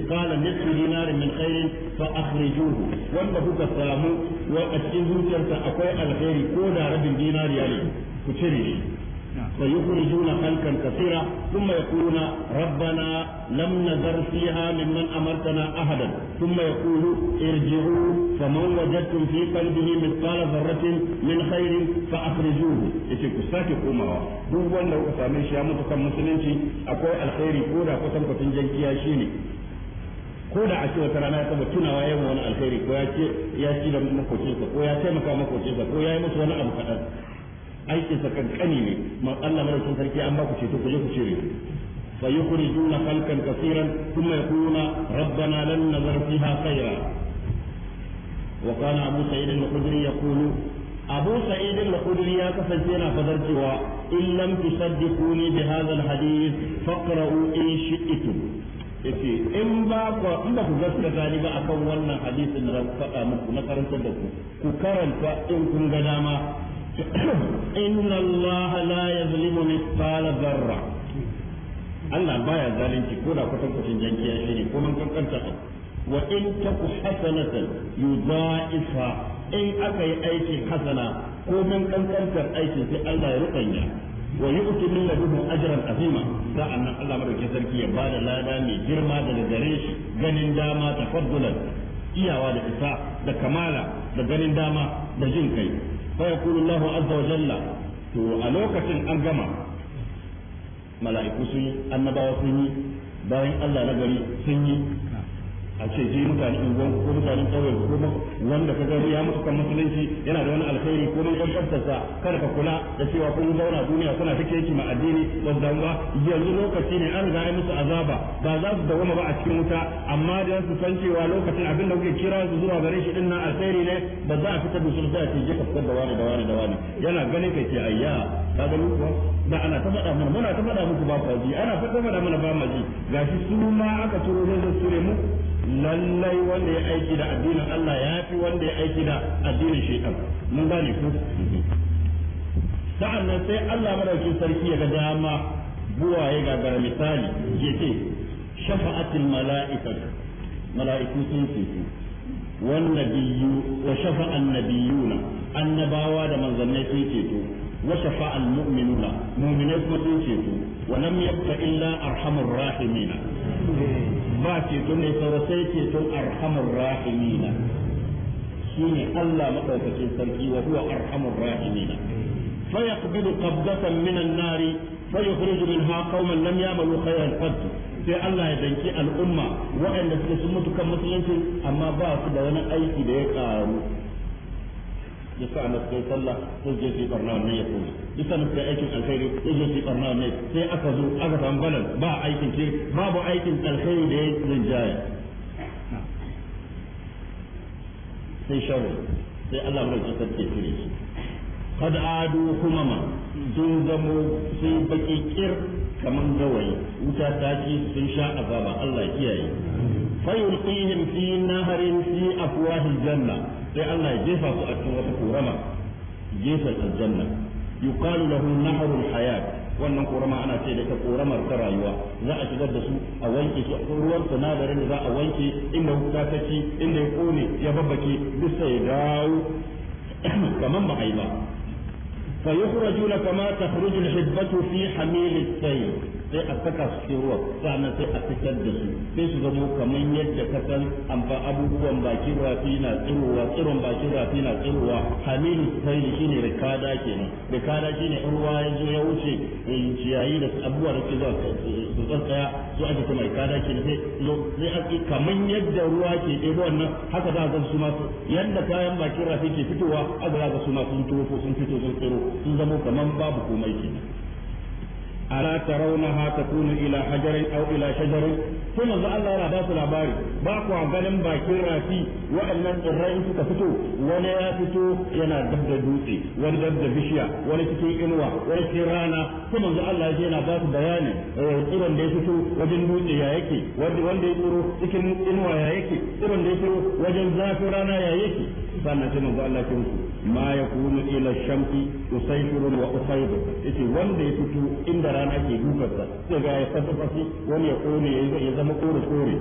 قال نصف دينار من خير فأخرجوه wanda kuka samu wa a cikin zuciyarsa akwai alheri ko rabin ku cire shi فيخرجون خلقا كثيرا ثم يقولون ربنا لم نذر فيها ممن امرتنا احدا ثم يقول ارجعوا فمن وجدتم في قلبه مثقال ذرة من خير komawa duk wanda kuka same shi kan musulunci akwai alkhairi ko da kusan jankiya shine ko da a ce wata rana ya taba tunawa yawan wani alkhairi ko ya ce ya ci da makocinsa ko ya taimaka makocinsa ko ya yi musu wani abu kaɗan aikinsa kankani ne ma Allah madaukin sarki an ba ku ceto ku je ku cire فيخرجون خلقا كثيرا ثم يقولون ربنا لن نذر فيها خيرا وكان أبو سعيد الخدري يقول أبو سعيد الخدري كفزينا فذرتها إن لم تصدقوني بهذا الحديث فاقرأوا إن شئتم yace in ba ku in ba ku gaskata ni ba akan wannan hadisin da ku faɗa muku na karanta da ku ku karanta in kun ga dama inna allaha la yuzlimu mithqala dharra Allah baya zalunci ko da kwatankwacin jankiya shi ne ko mun kankanta wa in taku hasanatan yudaifa in aka yi aikin hasana ko mun kankantar aikin sai Allah ya rubanya wa yu'ti min ladunhu ajran azima a nan Allah madaukakin sarki ya bada lada mai girma daga gare shi ganin dama tafaddulan iyawa da isa da kamala da ganin dama da jin kai fa yaqulu Allahu to a lokacin an gama mala'iku sun yi annabawa sun yi bayan Allah na gari sun yi a ce ji mutane unguwan ko mutanen ƙauyen ko wanda ka gani ya mutu kan musulunci yana da wani alkhairi ko mun kankantarsa kada ka kula da cewa kun zauna duniya kuna take yake ma addini ba su yanzu lokaci ne an riga musu azaba ba za su dawoma ba a cikin wuta amma da su san cewa lokacin abin da kuke kira su zuwa gare shi din nan alkhairi ne ba za a fita da su sai a ce je ka fitar da wani da wani da wani yana ganin kai ce ayya ka ga kuwa da ana ta faɗa mana muna ta faɗa muku ba ku ana ta faɗa mana ba ma ji gashi su ma aka turo ne su ne mu lallai wanda ya aiki da addinin Allah ya fi wanda ya aiki da addinin shaitan mun gane ku sa'an nan sai Allah madaukin sarki ya ga dama buwaye ga gara misali ya ce shafa'atul mala'ikatu mala'iku sun ce والنبي وشفع النبيون النباوة من ظنيت kuma sun ce مؤمنين wa ولم يبق illa أرحم الراحمين ba ceton mai saura sai ceton arhamar rahimina shine Allah madaukakin sarki wa huwa arhamar rahimina fa yaqbilu qabdatan min an-nar fa yukhriju minha qauman lam ya'malu khayran qad sai Allah ya danki al'umma waɗanda suke sun mutu kan musulunci amma ba su da wani aiki da ya karu ya sa na sai sallah sai je shi barna mai ya kuma duk sanin sai aikin alkhairi sai je shi barna mai sai aka zo aka samu balan ba aikin shi babu aikin alkhairi da ya rinjaya sai sharri sai Allah mai kasar ke kire shi kad adu humama sun zamo sai baki kir kaman gawayi wuta ta ci sun sha azaba Allah kiyaye فيلقيهم في نهر في أفواه الجنة لأن يجيفها سؤال كورما جيف الجنة يقال له نهر الحياة wannan korama ana ce da ita koramar ta rayuwa za a shigar da su a wanke su ruwan sinadarin da za a wanke inda wuta ta ci inda ya kone ya babbake duk sai dawo kaman ba ai ba fa yukhrajuna kama takhruju al-hibbatu fi hamil al sai a saka su cikin ruwan sannan sai a fitar da su sai su zama kamar yadda ka san amfa abubuwan bakin rafi na tsirowa tsiron bakin rafi na tsirowa hamilu saili shine rikada kenan rikada shine in ruwa ya zo ya wuce eh, ciyayi da abubuwa da ke zuwa eh, su tsaya su ake kuma rikada kenan sai sai ake kamar yadda ruwa ke ɗebo wannan haka za a ga su masu yadda kayan bakin rafi ke fitowa haka za a ga su masu sun fito sun fito sun tsiro sun zama kamar babu komai kenan ala tarawnaha takunu ila hajarin aw ila shajarin sai manzo Allah yana basu labari ba ku ganin bakin rafi waɗannan tsirrai suka fito wani ya fito yana dab da dutse wani dab da bishiya wani cikin inuwa wani cikin rana sai manzo Allah ya yana basu bayani irin da ya fito wajen dutse ya yake wanda ya tsoro cikin inuwa ya yake irin da ya fito wajen zafin rana ya yake sannan sai manzo Allah ya musu ma ya kunu ila shamsi usaifirun wa usaidu yace wanda ya fito inda rana ke dukarsa sai ga ya fasi wani ya kone ya zama kore kore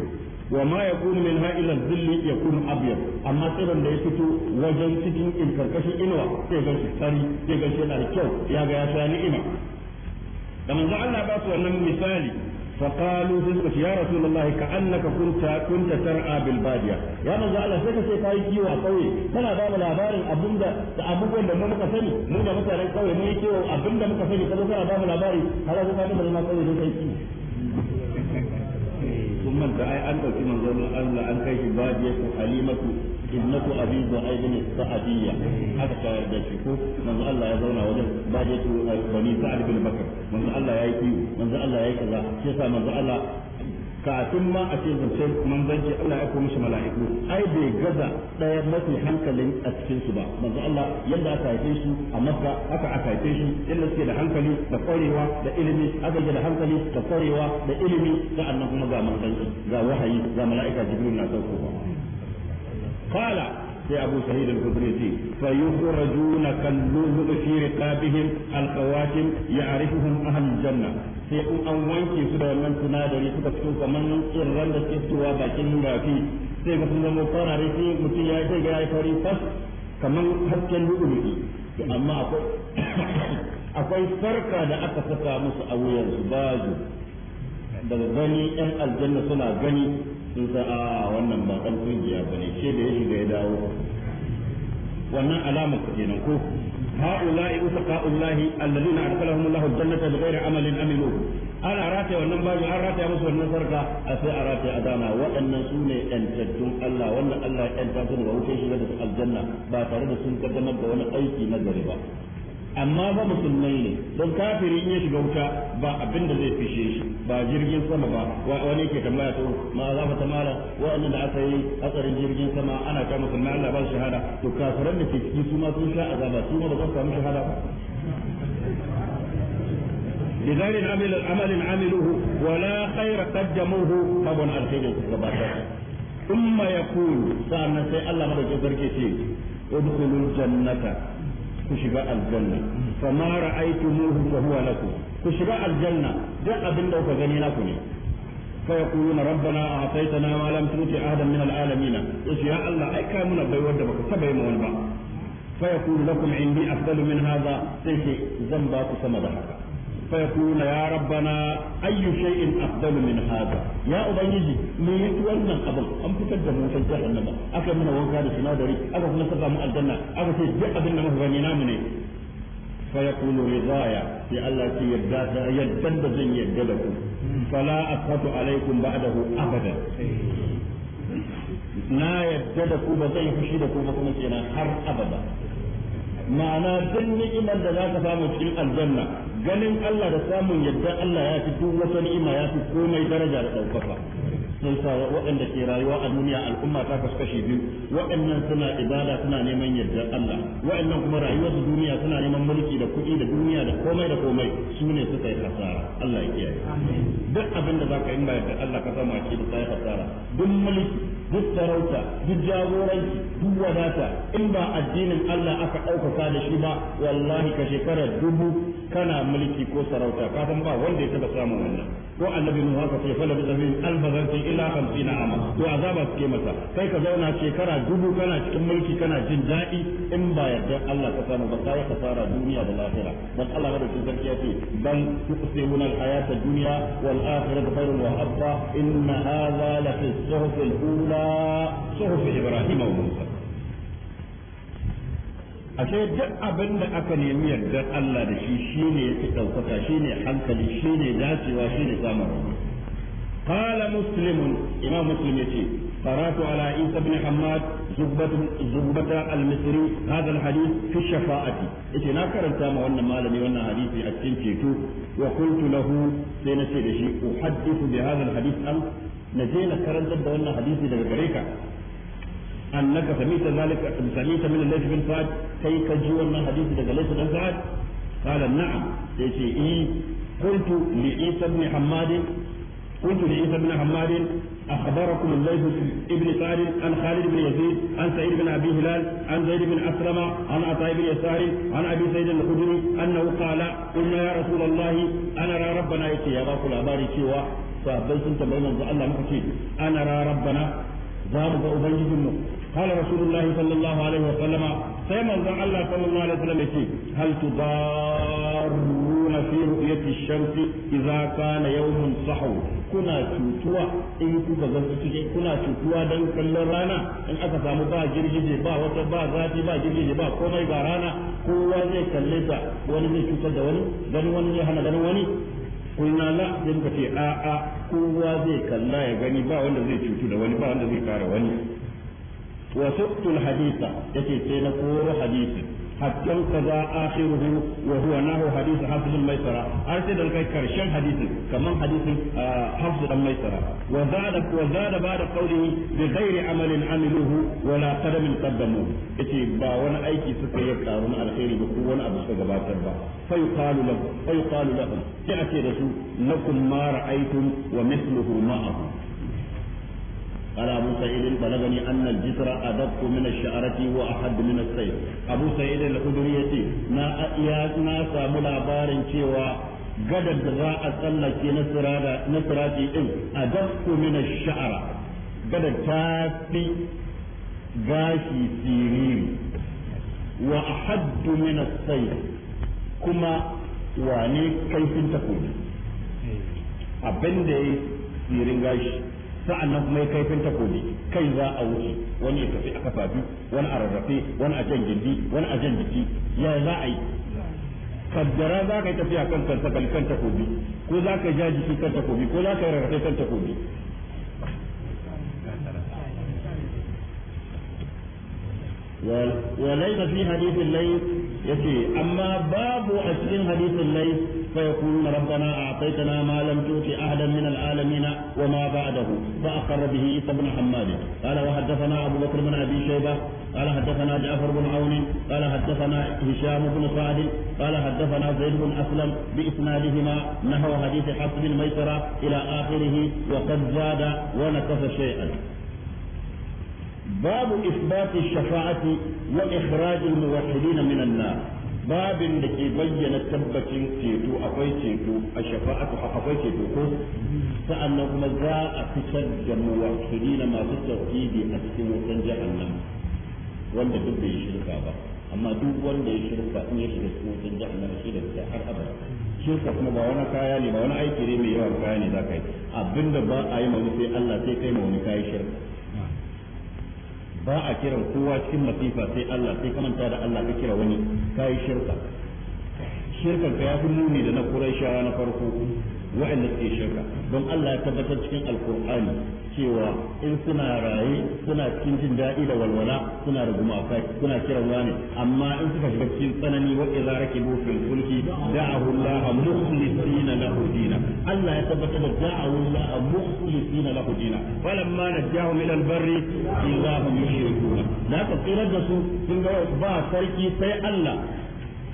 wa ma yakunu min ha'ila ya yakunu abyad amma tsiron da ya fito wajen cikin in karkashin inuwa sai ga shi tsari sai kyau ya ga ya sha ni'ima da manzo Allah ba su wannan misali فقالوا سنك يا رسول الله كأنك كنت كنت ترعى بالبادية يا من زعل سكة سيكاي كيو قوي كان باب الأبار أبن دا أبوك ولا مو مكسني مو دا مثلا قوي مو يكيو أبن دا مكسني كذا باب الأبار هذا هو كان من المكسني manta ai an dauki manzon Allah an kai shi badiyatu halimatu ibnatu abi zuhaib bin sa'adiyya aka tayar shi ko manzon Allah ya zauna wajen badiyatu eh, bani sa'ad bin bakr manzon Allah ya yi manzon Allah ya yi kaza shi yasa manzon Allah kafin ma a ce zance manzanci Allah ya kuma shi mala'iku ai bai gaza daya mafi hankalin a cikin su ba manzo Allah yadda aka haife shi a Makka aka aka haife shi yadda suke da hankali da kwarewa da ilimi aka yi da hankali da kwarewa da ilimi sa'annan kuma ga manzanci ga wahayi ga mala'ika Jibril na saukowa qala sai Abu Sa'id al-Khudri ce fa yukhrajuna kalluhu fi riqabihim al-qawatim ya'rifuhum ahlul janna sai in an wanke su da wannan sinadari suka fito kamar tsirran da ke fitowa bakin rafi sai ga sun zama farare sai mutum ya ce ga ya fari fas kamar hasken lu'ulu'i amma akwai farka da aka saka musu a wuyan su bazu daga gani yan aljanna suna gani sun sa a ah, wannan ba kan kungiya bane ce da ya shiga ya dawo wannan alama ku kenan ko haula'i usqa'ullahi alladhina adkhalahum Allahu jannata bighairi amalin amilu an arata wannan bayi an arata musu wannan sarka a sai arata a dama waɗannan suna ne ɗan Allah wannan Allah ya ɗan tattun ba wuce shi da aljanna ba tare da sun kaddamar da wani aiki na gari ba amma ba musulmai ne don kafiri in ya shiga wuta ba abin da zai fishe shi ba jirgin sama ba wani ke tambaya to ma za ta tamala wa'annan da aka yi hatsarin jirgin sama ana ta musulmai Allah ba shahada to kafiran da ke ciki su ma sun sha azaba su ma ba za su samu shahada ba لذلك عمل العمل عمله ولا خير قدموه طب الخير ثم يقول سألنا سي الله مدى جزر كتير ادخلوا الجنة ku shiga aljanna fa ma ra'aytu muhu wa huwa lakum ku shiga aljanna duk abin da kuka gani naku ne fa yaqulu rabbana ataytana wa lam tuti ahadan min alalamin yace ya allah ai kai muna bai wanda baka saba yi mawani ba fa na lakum indi afdalu min haza sai ke zan ba ku sama da فيقول يا ربنا أي شيء أفضل من هذا يا أبنيجي من يتولنا قبل أم تكدم من جهنم أكل من وقال سنادري أكل من سبع الجنة أكل في جهة من مهغنينا مني فيقول رضايا في الله يدافع يدد زين يددكم فلا أسخط عليكم بعده أبدا na yadda da ku ba zai fushi da ku ba kuma kenan har abada ma'ana duk ni'imar da za ka samu cikin aljanna ganin Allah da samun yadda Allah ya fi duk wata ni'ima ya fi komai daraja da ɗaukaka sun sa waɗanda ke rayuwa a duniya al'umma ta kashi biyu waɗannan suna ibada suna neman yardar Allah waɗannan kuma rayuwar su duniya suna neman mulki da kuɗi da duniya da komai da komai su ne suka yi hasara Allah ya kiyaye duk abin da zaka yi ba yardar Allah ka samu a cikin sai hasara duk mulki duk sarauta duk jagoranci duk wadata in ba addinin Allah aka ɗaukaka da shi ba wallahi ka shekara dubu kana mulki ko sarauta kafin ba wanda ya taɓa samun wannan ko annabi nuhu haka ce fala bizabi alfazanti ila 50 ama to azaba suke masa kai ka zauna shekara dubu kana cikin mulki kana jin daɗi in ba yarda Allah ka samu ba kai fara duniya da lafiya dan Allah madaukakin sarki ya ce dan tusibuna alhayata dunya wal akhiratu khairun wa abqa inna hadha la fi suhuf al-ula suhuf ibrahim wa musa ashe duk abin da aka nemi yardar Allah da shi shine yake ɗaukaka shine hankali shine dacewa shine samun قال مسلم إمام مسلم يتي قرأت على عيسى بن حماد زبة زبة المصري هذا الحديث في الشفاعة يتي ناكر التام وانا مالني وانا حديثي أتنتيتو وقلت له سينسي لشيء أحدث بهذا الحديث أم نجينا كرنت وانا حديثي لغريكا annaka samita zalika samita min al-layth bin kai ka ji wannan hadisi daga layth bin fa'ad qala na'am yace eh qultu li isa ibn hammad قلت لعيسى بن حماد اخبركم الليث بن سعد عن an بن يزيد عن سعيد بن ابي هلال عن زيد بن اسلم عن عطاء an يسار عن ابي سعيد الخدري انه قال قلنا يا رسول الله انا را ربنا ya ba ku الاباري cewa sahabbai sun tambayi manzo Allah muka ce ana ra rabbana za mu ga ubangijinmu قال رسول الله صلى الله عليه وسلم سيما زن الله صلى الله عليه وسلم يكي هل تضارون في رؤية الشمس إذا كان يوم صحو كنا تتوى إن كنا تتوى كنا تتوى دن كل رانا إن أكسا مبا جرجي با وتبا ذاتي با جرجي با كما يبارانا كوا زي كلتا ولي تتوى دوني دن ولي هنا دن ولي kulna la sai muka ce a'a kowa zai kalla ya gani ba wanda zai cutu da wani ba wanda zai kare wani وسقت الحديث يتي سينا كور حديث حتى انقضى آخره وهو نهو حديث حفظ الميسرة أرسل الكي كرشان حديث كمان حديث حفظ الميسرة وزاد وزاد بعد قوله بغير عمل عملوه ولا قدم قدموه يتي با وانا ايكي سكي يبقى وانا الخير بكو وانا ابو سكبات ربا فيقال له فيقال لهم تأتي رسول لكم ما رأيتم ومثله معه قال أبو سعيد بلغني أن الجسر أدق من الشعرة وأحد من السيف أبو سعيد الخدرية ما أياتنا ساملا بارن شوى gadar da za a tsallake na sirati din a dafku min sha'ara gadar ta fi gashi siriri wa ahaddu min as kuma wane kaifin yayi sirin gashi sa'annan kuma ya kaifin takobi kai za a wuce wani ya tafi a kafa biyu wani a rarrafe wani a jan gindi wani a jan jiki ya za a yi kaddara za ka yi tafiya kan kan kan takobi ko za ka ja jiki kan takobi ko za ka yi rarrafe kan takobi وليس في حديث الليث يسير أما باب عشرين حديث الليث فيقولون ربنا أعطيتنا ما لم تؤت أحدا من العالمين وما بعده فأقر به عيسى بن حماد قال وحدثنا أبو بكر بن أبي شيبة قال حدثنا جعفر بن عون قال حدثنا هشام بن سعد قال حدثنا زيد بن أسلم بإسنادهما نحو حديث حفص بن ميسرة إلى آخره وقد زاد ونقص شيئا باب إثبات الشفاعة وإخراج الموحدين من النار باب لكي بين تبت تيتو أقوي تيتو الشفاعة أقوي تيتو كو فأنه مزاء تسد موحدين ما تستطيب أسكن جهنم wanda duk bai shirka ba amma duk wanda ya shirka in ya shiga cikin wajen jahannama shi da ta har abada shirka kuma ba wani kaya ne ba wani aiki ne mai yawan kaya ne za ka yi abinda ba a yi ma sai Allah sai kai ma wani kayi shirka ba a kiran kowa cikin masifa sai Allah sai kamanta da Allah ka kira wani kai shirka shirka ka ya fi da na Qurayshawa na farko wa'anda suke shirka don Allah ya tabbatar cikin alkur'ani cewa in suna raye suna cikin jin daɗi da walwala suna da gumafa suna kiran wani amma in suka shiga cikin tsanani wa idza rakibu fil fulki da'ahu Allah mukhlisina lahu dina Allah ya tabbatar da da'ahu Allah mukhlisina lahu dina falamma najahum ila al-barri idza hum yushrikuna da ka tsira da su sun ga ba sarki sai Allah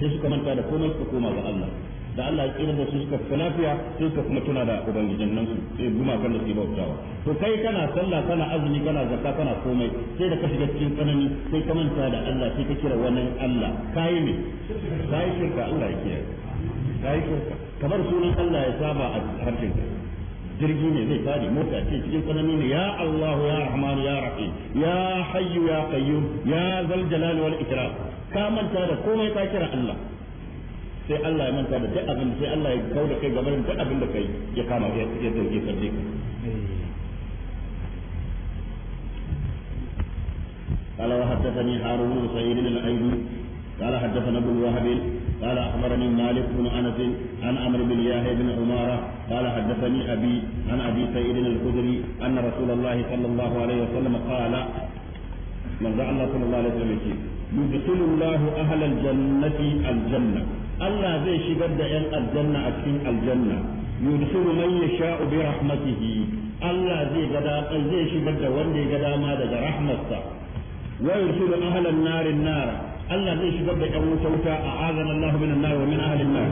sai suka manta da komai su koma ga Allah da Allah ya tsira su suka fi lafiya sai ka kuma tuna da ubangijin nan su sai guma kan da su bautawa to kai kana sallah kana azumi kana zakka kana komai sai da ka shiga cikin tsanani sai ka manta da Allah sai ka kira wannan Allah kai ne kai shirka Allah ya kai shirka kamar sunan Allah ya saba a harshen ka jirgi ne zai fadi mota ce cikin tsanani ne ya Allahu ya Rahman ya Rahim ya Hayyu ya Qayyum ya Zal Jalali wal Ikram ka manta da komai ka kira Allah sai Allah ya manta da duk abin sai Allah ya kauda kai gaban duk abin da kai ya kama ya ya dauke sarje ka قال وحدثني هارون بن سعيد الايوبي قال حدثنا ابن وهب قال اخبرني مالك بن انس عن عمرو بن يحيى بن عماره قال حدثني ابي عن ابي سعيد الخدري ان رسول الله صلى الله عليه وسلم قال من الله صلى الله عليه وسلم يدخل الله اهل الجنه الجنه Allah zai shigar da ‘yan aljanna a cikin aljanna, yudkhulu man yasha'u bi rahmatihi Allah zai zai shigar da wanda ya ga dama daga rahmatsa, wa yudkhulu ahlan narin nara Allah zai shigar da ƴan wuta wuta a azan Allah min annar wa min ahli an-nar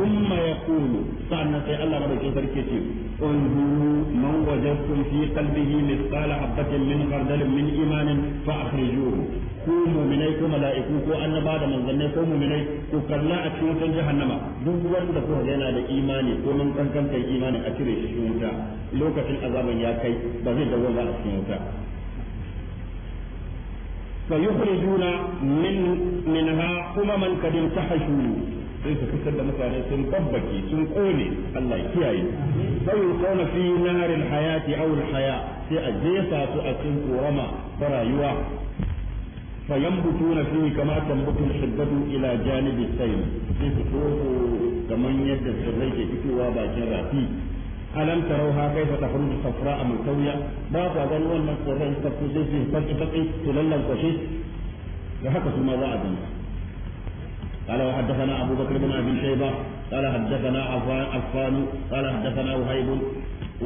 kuma yaqulu sannan sai Allah madaukin sarki ce unzuru man wajadtum fi qalbihi mithqala habatin min khardalin min imanin fa akhrijuhu ku mu'minai ko mala'iku ko annaba da manzannai ko mu'minai ku kalla a cikin wutan jahannama duk wanda ko yana da imani ko mun kankan kai imani a cire shi wuta lokacin azaban ya kai ba zai dawo ba a cikin wuta فيخرجون من منها أمما قد انتحشوا sai su fitar da mutane sun babbaki sun kone Allah kiyaye sai kauna fi narin hayati aw haya sai a jefa su a cikin korama ta rayuwa fa yambutuna fi kama tambutu shiddatu ila janibi sayl sai su kaman yadda sirrai ke fitowa bakin rafi alam tarauha kaifa takhruju a min kawiya ba ku gani wannan tsoron tafi zai fi faki faki to lallan da haka su za a gani قال وحدثنا أبو بكر بن أبي شيبة قال حدثنا عفان قال حدثنا وهيب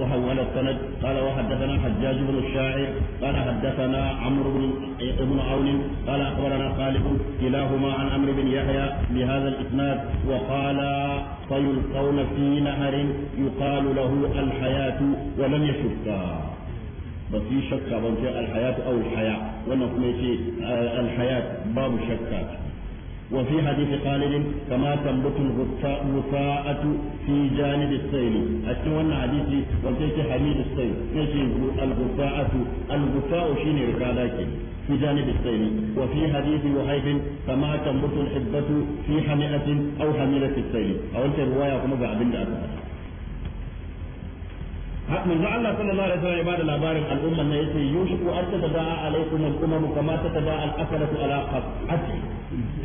وحول السند قال وحدثنا حجاج بن الشاعر قال حدثنا عمرو بن بن عون قال اخبرنا خالد كلاهما عن عمرو بن يحيى بهذا الاسناد وقال فيلقون في نهر يقال له الحياه ولم يشكا بس في شك الحياه او الحياه alhayatu aw آه، الحياه باب kuma وفي حديث خالد كما تنبت الغفاءة في جانب السيل أتمنى حديثي وكيف حميد السيل يجي الغفاءة الغفاء شين ركالك في جانب السيل وفي حديث وهيب كما تنبت الحبة في حمئة أو حميلة السيل أو أنت رواية كما بعد manzo Allah sallallahu alaihi wasallam ya bada labarin al'umman nan yace yushiku an tada'a alaikum al-umam kama tada'a al-akalatu ala qat'ati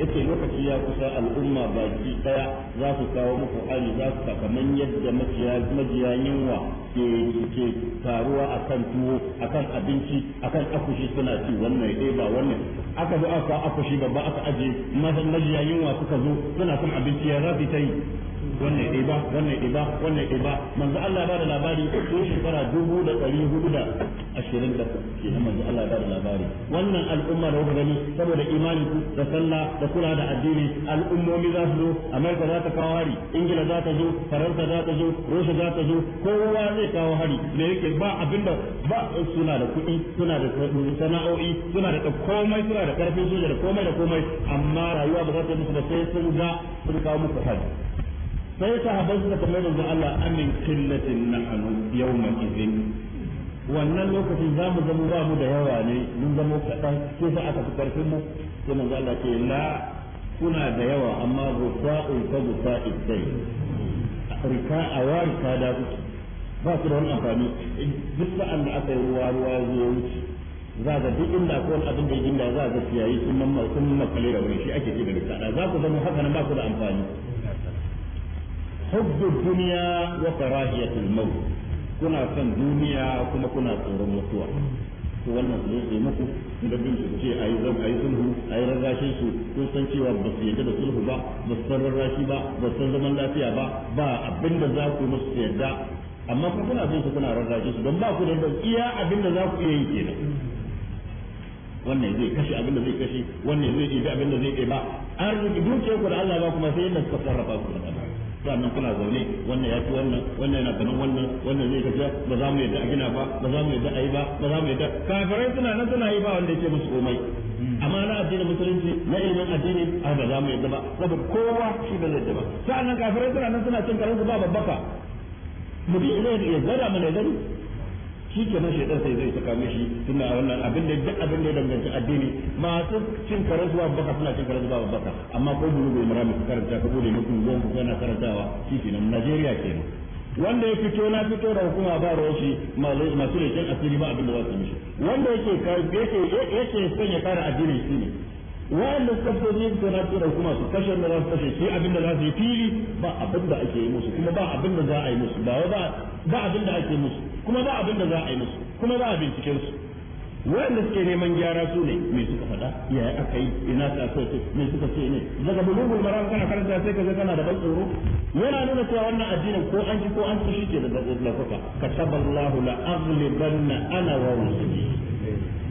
yace lokaci ya kusa al'umma baki daya za su kawo muku ali za su kaman yadda maciya majiya yunwa ke ke taruwa akan tuwo akan abinci akan akushi suna ci wannan ya ba wannan aka zo aka akushi babba aka aje majiya yunwa suka zo suna son abinci ya rabi ta wannan iba wannan iba wannan iba manzo Allah ba da labari ko shekara dubu da ɗari hudu da ashirin da kenan manzo Allah ba da labari wannan al'umma da kuka gani saboda imani da sallah da kula da addini al'ummomi za su zo Amerika za ta kawo hari Ingila za ta zo Faransa za ta zo Rusha za ta zo kowa zai kawo hari me yake ba abinda ba suna da kuɗi suna da sana'o'i suna da komai suna da karfin soja da komai da komai amma rayuwa ba za ta musu da sai sun ga sun kawo musu hari sai sahabbai suka tambaye manzon Allah amin qillatin nahnu yawma idin wannan lokacin za mu zama ba mu da yawa ne mun zama kaɗan ke sa aka fi ƙarfin mu sai manzo Allah ce la kuna da yawa amma rufa'un ka rufa'i dai rika a wari ka da ku ba su da wani amfani duk sa'an da aka yi ruwa ruwa ya zo wuce za ga duk inda akwai wani abin da ya ginda za ga ciyayi sun mamma sun makale da wani shi ake ce da rika za ku zama haka nan ba ku da amfani حب الدنيا وكراهية الموت كنا duniya kuma كما كنا tsoron mutuwa to wannan su zai muku da bin su ce ayi zan ayi sulhu ayi rarrashin su ko cewa ba su yadda da sulhu ba ba su san rarrashi ba ba su san zaman lafiya ba ba abinda za ku musu yadda amma ku kuna bin su kuna rarrashin su don ba ku iya abinda za ku wannan zai kashe abin da zai kashe wannan zai ɗebi abin da zai ba an rike dukiyar ku da Allah ba kuma sai yadda suka sarrafa ku da sannan kuna zaune wannan ya fi wannan wannan yana ganin wannan wannan zai tafiya ba za mu yadda a gina ba ba za mu yadda a yi ba ba za mu yadda kafirai suna nan suna yi ba wanda yake musu komai amma na addinin musulunci na ilimin addini a ba za mu yadda ba saboda kowa shi ba zai yadda ba sannan kafirai suna nan suna cin karansu ba babbaka mu ya zai ya zara mana da shi ke nan shaidan sai zai saka mishi tunda wannan abin da duk abin da ya danganci addini masu cin karar zuwa baka suna cin karar zuwa baka amma ko bulu bai mura muku karanta ka bude muku zuwan ku kana karantawa shi ke nan Najeriya ke nan wanda ya fito na fito da hukuma ba ruwan shi masu leken asiri ba abin da za su mishi wanda yake yake yake sanya kare addini shi ne wanda suka fito ne suka na tura kuma su kashe da za su kashe shi abin da za su yi fili ba abin da ake yi musu kuma ba abin da za a yi musu ba ba abin da ake musu kuma ba abin da za a yi musu kuma ba a binciken su wanda suke neman gyara su ne me suka faɗa ya yi aka yi ina ta so ce me suka ce ne daga bulugul maram kana karanta sai ka ga kana da ban tsoro yana nuna cewa wannan addinin ko an ji ko an ci shi ke da dabbobin lafuka kataballahu la aghlibanna ana wa rusuli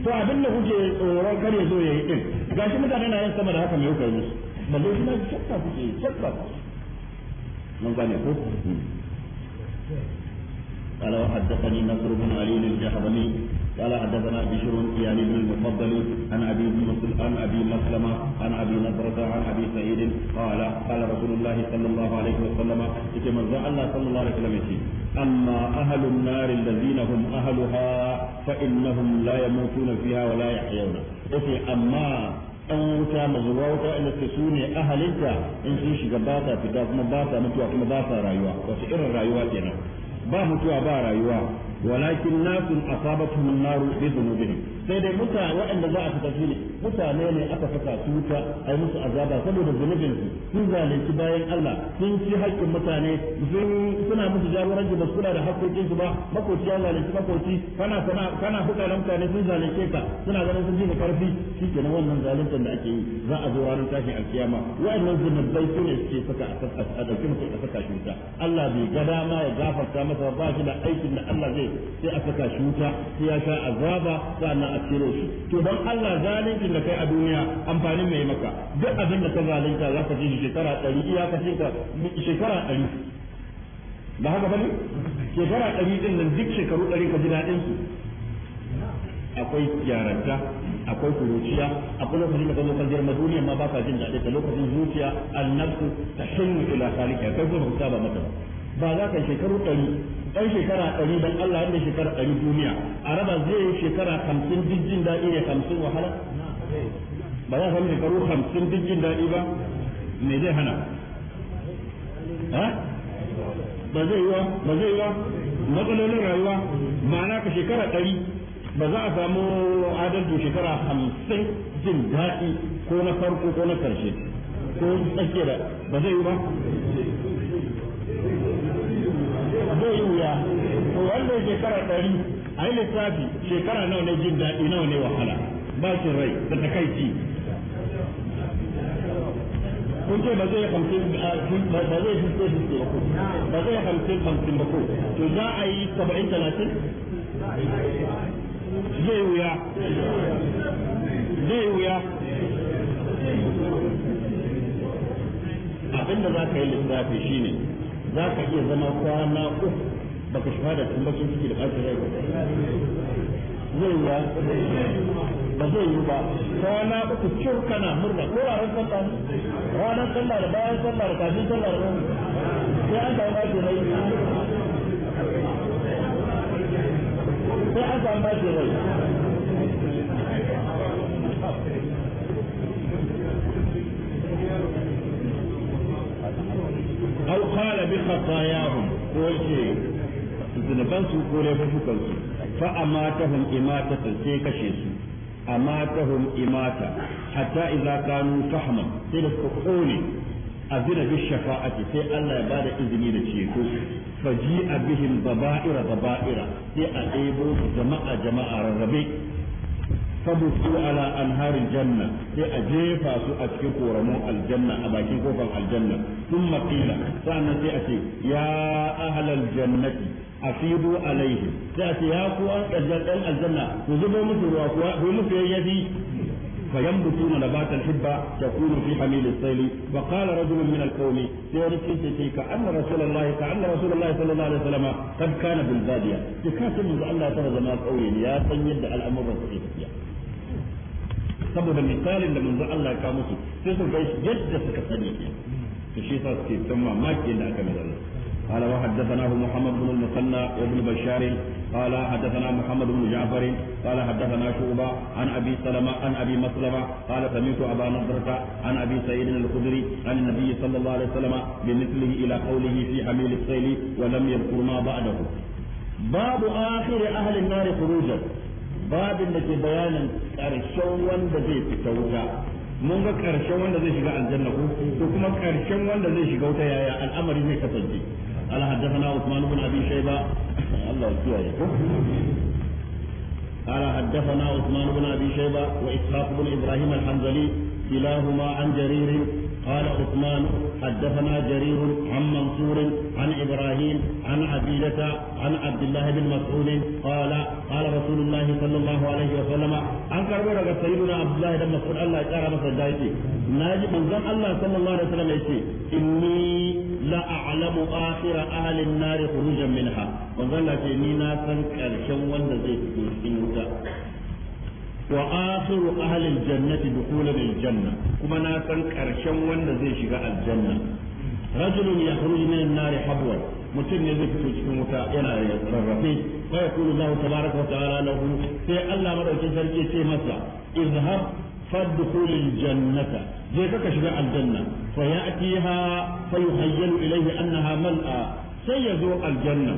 to abin da kuke tsoron kar ya zo ya yi din gashi mutane na yin sama da haka mai kuka yi musu balle kuma shakka kuke yi shakka mun gane ko قال وحدثني نصر بن علي الجهضمي قال حدثنا بشر يعني بن المفضل عن ابي عن ابي مسلمه عن ابي نضرة عن ابي سعيد قال قال رسول الله صلى الله عليه وسلم كما الله صلى الله عليه وسلم اما اهل النار الذين هم اهلها فإنهم لا يموتون فيها ولا يحيون إذن أما ɗan wuta mazuwa wuta inda ke su ne ahalinta in sun shiga ba sa fita kuma ba sa mutuwa kuma ba sa rayuwa wasu irin rayuwa kenan ba mutuwa ba rayuwa walakin nasun asabatuhum naru bi dhunubihim sai dai mutane waɗanda za a fita su ne mutane ne aka saka su wuta a yi musu azaba saboda zunubin su sun zalunci bayan Allah sun ci haƙƙin mutane sun suna musu jagoranci ba kula da haƙƙoƙin su ba makoci ya zalunci makoci kana kana kana huɗa da mutane sun zalunce ka suna ganin sun ji da karfi shikenan wannan zaluncin da ake yi za a zo ranar tashin alkiyama waɗannan zunubai su ne suke saka a ɗauki musu a saka shi wuta Allah bai ga dama ya gafarta masa ba shi da aikin da Allah zai sai a saka shi wuta sai ya sha azaba sannan a ciro shi to don Allah zalincin da kai a duniya amfanin mai maka duk abin da ka zalunta za ka ji shekara ɗari iyakacin ka shekara ɗari ba haka bane shekara ɗari din nan duk shekaru ɗari ka ji daɗin su akwai yaranta akwai kuruciya akwai lokacin da kazo kan girma duniya ma ba ka jin daɗi ka lokacin zuciya annabtu tahillu ila khaliqiha kai ko ba ka saba mata ba ba za ka shekaru ɗari ɗan shekara ɗari don Allah yadda shekara ɗari duniya a raba zai yi shekara hamsin duk jin daɗi ne hamsin wahala ba za ka shekaru hamsin duk jin daɗi ba me zai hana ba zai yi wa ba zai yi wa matsalolin rayuwa ma'ana ka shekara ɗari ba za a samu adalci shekara hamsin jin daɗi ko na farko ko na ƙarshe ko tsakiyar ba zai yi ba zai yi wuya to wanda ya shekara ɗari a yi lissafi shekara nawa ne jin daɗi nawa ne wahala shi rai da takaici kun ce ba zai hamsin ba zai fiske fiske ba ko ba zai hamsin hamsin ba ko to za a yi saba'in talatin zai wuya zai wuya abinda za ka yi lissafi shine za ka iya zama kwana uku ba ka shahada tun bakin ciki da ɓacin rai zai ya ba zai yi ba kwana uku cur kana murna ko a ran sallah ranar sallah da bayan sallah da kafin sallah da sai an samu ake rai sai an samu ake rai aw qala bi khatayahum ko yake zunuban su ko laifukan su fa amatahum imata sai kashe su amatahum imata hatta idza kanu fahman sai da su kone azina bi shafa'ati sai Allah ya bada izini da ceto a bihim baba'ira baba'ira sai a ɗebo jama'a jama'a rarrabe fadusu ala anharin janna sai a jefa su a cikin koramun aljanna a bakin kofar aljanna sun makila sa'annan sai a ce ya ahalal jannati a laifi sai a ce ya kuwa ɗan aljanna ku zuba musu ruwa kuwa ku musu yayyafi fa yambutu nabata alhibba takunu fi hamil al-sayl wa qala rajul min al-qawm sai wani sai sai ka ka anna rasulullahi sallallahu alaihi wasallam kad kana bil badiya sai ka sun Allah ta zama kauye ya san yadda al-amr rasul saboda misalin da manzo Allah ya kawo musu sai su ga yadda suka sani to shi yasa suke san mamaki da aka nazarta قال وحدثناه محمد بن المثنى وابن بشار قال حدثنا محمد بن جعفر قال حدثنا شعبة عن أبي سلمة عن أبي مسلمة قال سمعت أبا نضرة عن أبي سعيد الخدري عن النبي صلى الله عليه وسلم بمثله إلى قوله في حميل السيل ولم يذكر ما بعده باب آخر أهل النار خروجا babin da ke bayanin ƙarshen wanda zai fita wuta mun ga ƙarshen wanda zai shiga aljanna ko to kuma ƙarshen wanda zai shiga wuta yaya al'amari zai kasance ala haddathana Usman ibn Abi Shayba Allah ya ko قال حدثنا عثمان بن ابي شيبه واسحاق بن ابراهيم الحنظلي كلاهما an جرير قال عثمان حدثنا جرير عن منصور عن ابراهيم عن عبيدة عن عبد الله بن مسعود قال قال رسول الله صلى الله عليه وسلم عن كربلاء سيدنا عبد الله بن مسعود الله يقرا مسجدتي ناجي من الله صلى الله عليه وسلم يشي إني لا أعلم آخر أهل النار خروجا منها وظل نينا سنك الشوان زيت في وآخر أهل الجنة دخولا الجنة كما ناسن كرشن وند زي شغا الجنة رجل يخرج من النار حبوا mutum ne zai fito cikin wuta yana rarrafe fa yaqulu Allah tabaaraka wa ta'ala lahu sai Allah madaukin sarki ce masa izhab فادخل الجنة جيتك شجاع الجنة فيأتيها فيهيل إليه أنها ملأى سيزوق الجنة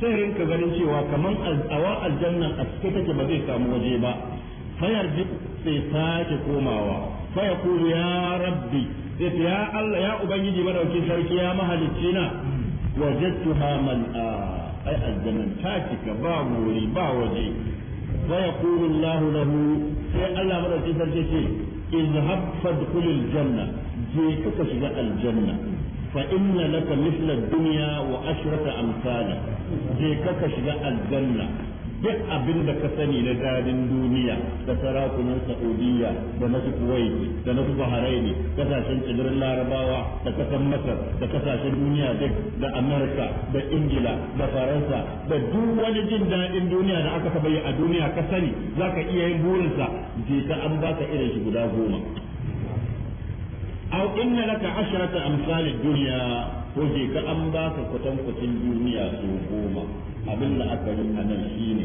سهرين كغرين شيوا كمان أواء الجنة أسكتك بذيك موجبة fayarji sai sake komawa fayaqulu ya rabbi sai ya Allah ya ubangiji madauki sarki ya mahalicci na wajadtuha mal'a ai aljannan ta cika ba wuri ba waje فيقول الله له في الله مرة تفرجتي اذهب فادخل الجنة جئتك شجاء الجنة فإن لك مثل الدنيا وعشرة أمثالها جئتك شجاء الجنة duk abin da ka sani na dadin duniya da sarakunan saudiya da na su da na su ne kasashen tsibirin larabawa da kasan masar da kasashen duniya duk da amurka da ingila da faransa da duk wani jin dadin duniya da aka taba a duniya ka sani zaka iya yin burinsa je ka an baka irin shi guda goma aw inna laka asharata amsalid dunya ko je ka an baka kwatan duniya su goma abin da aka yi a nan shi ne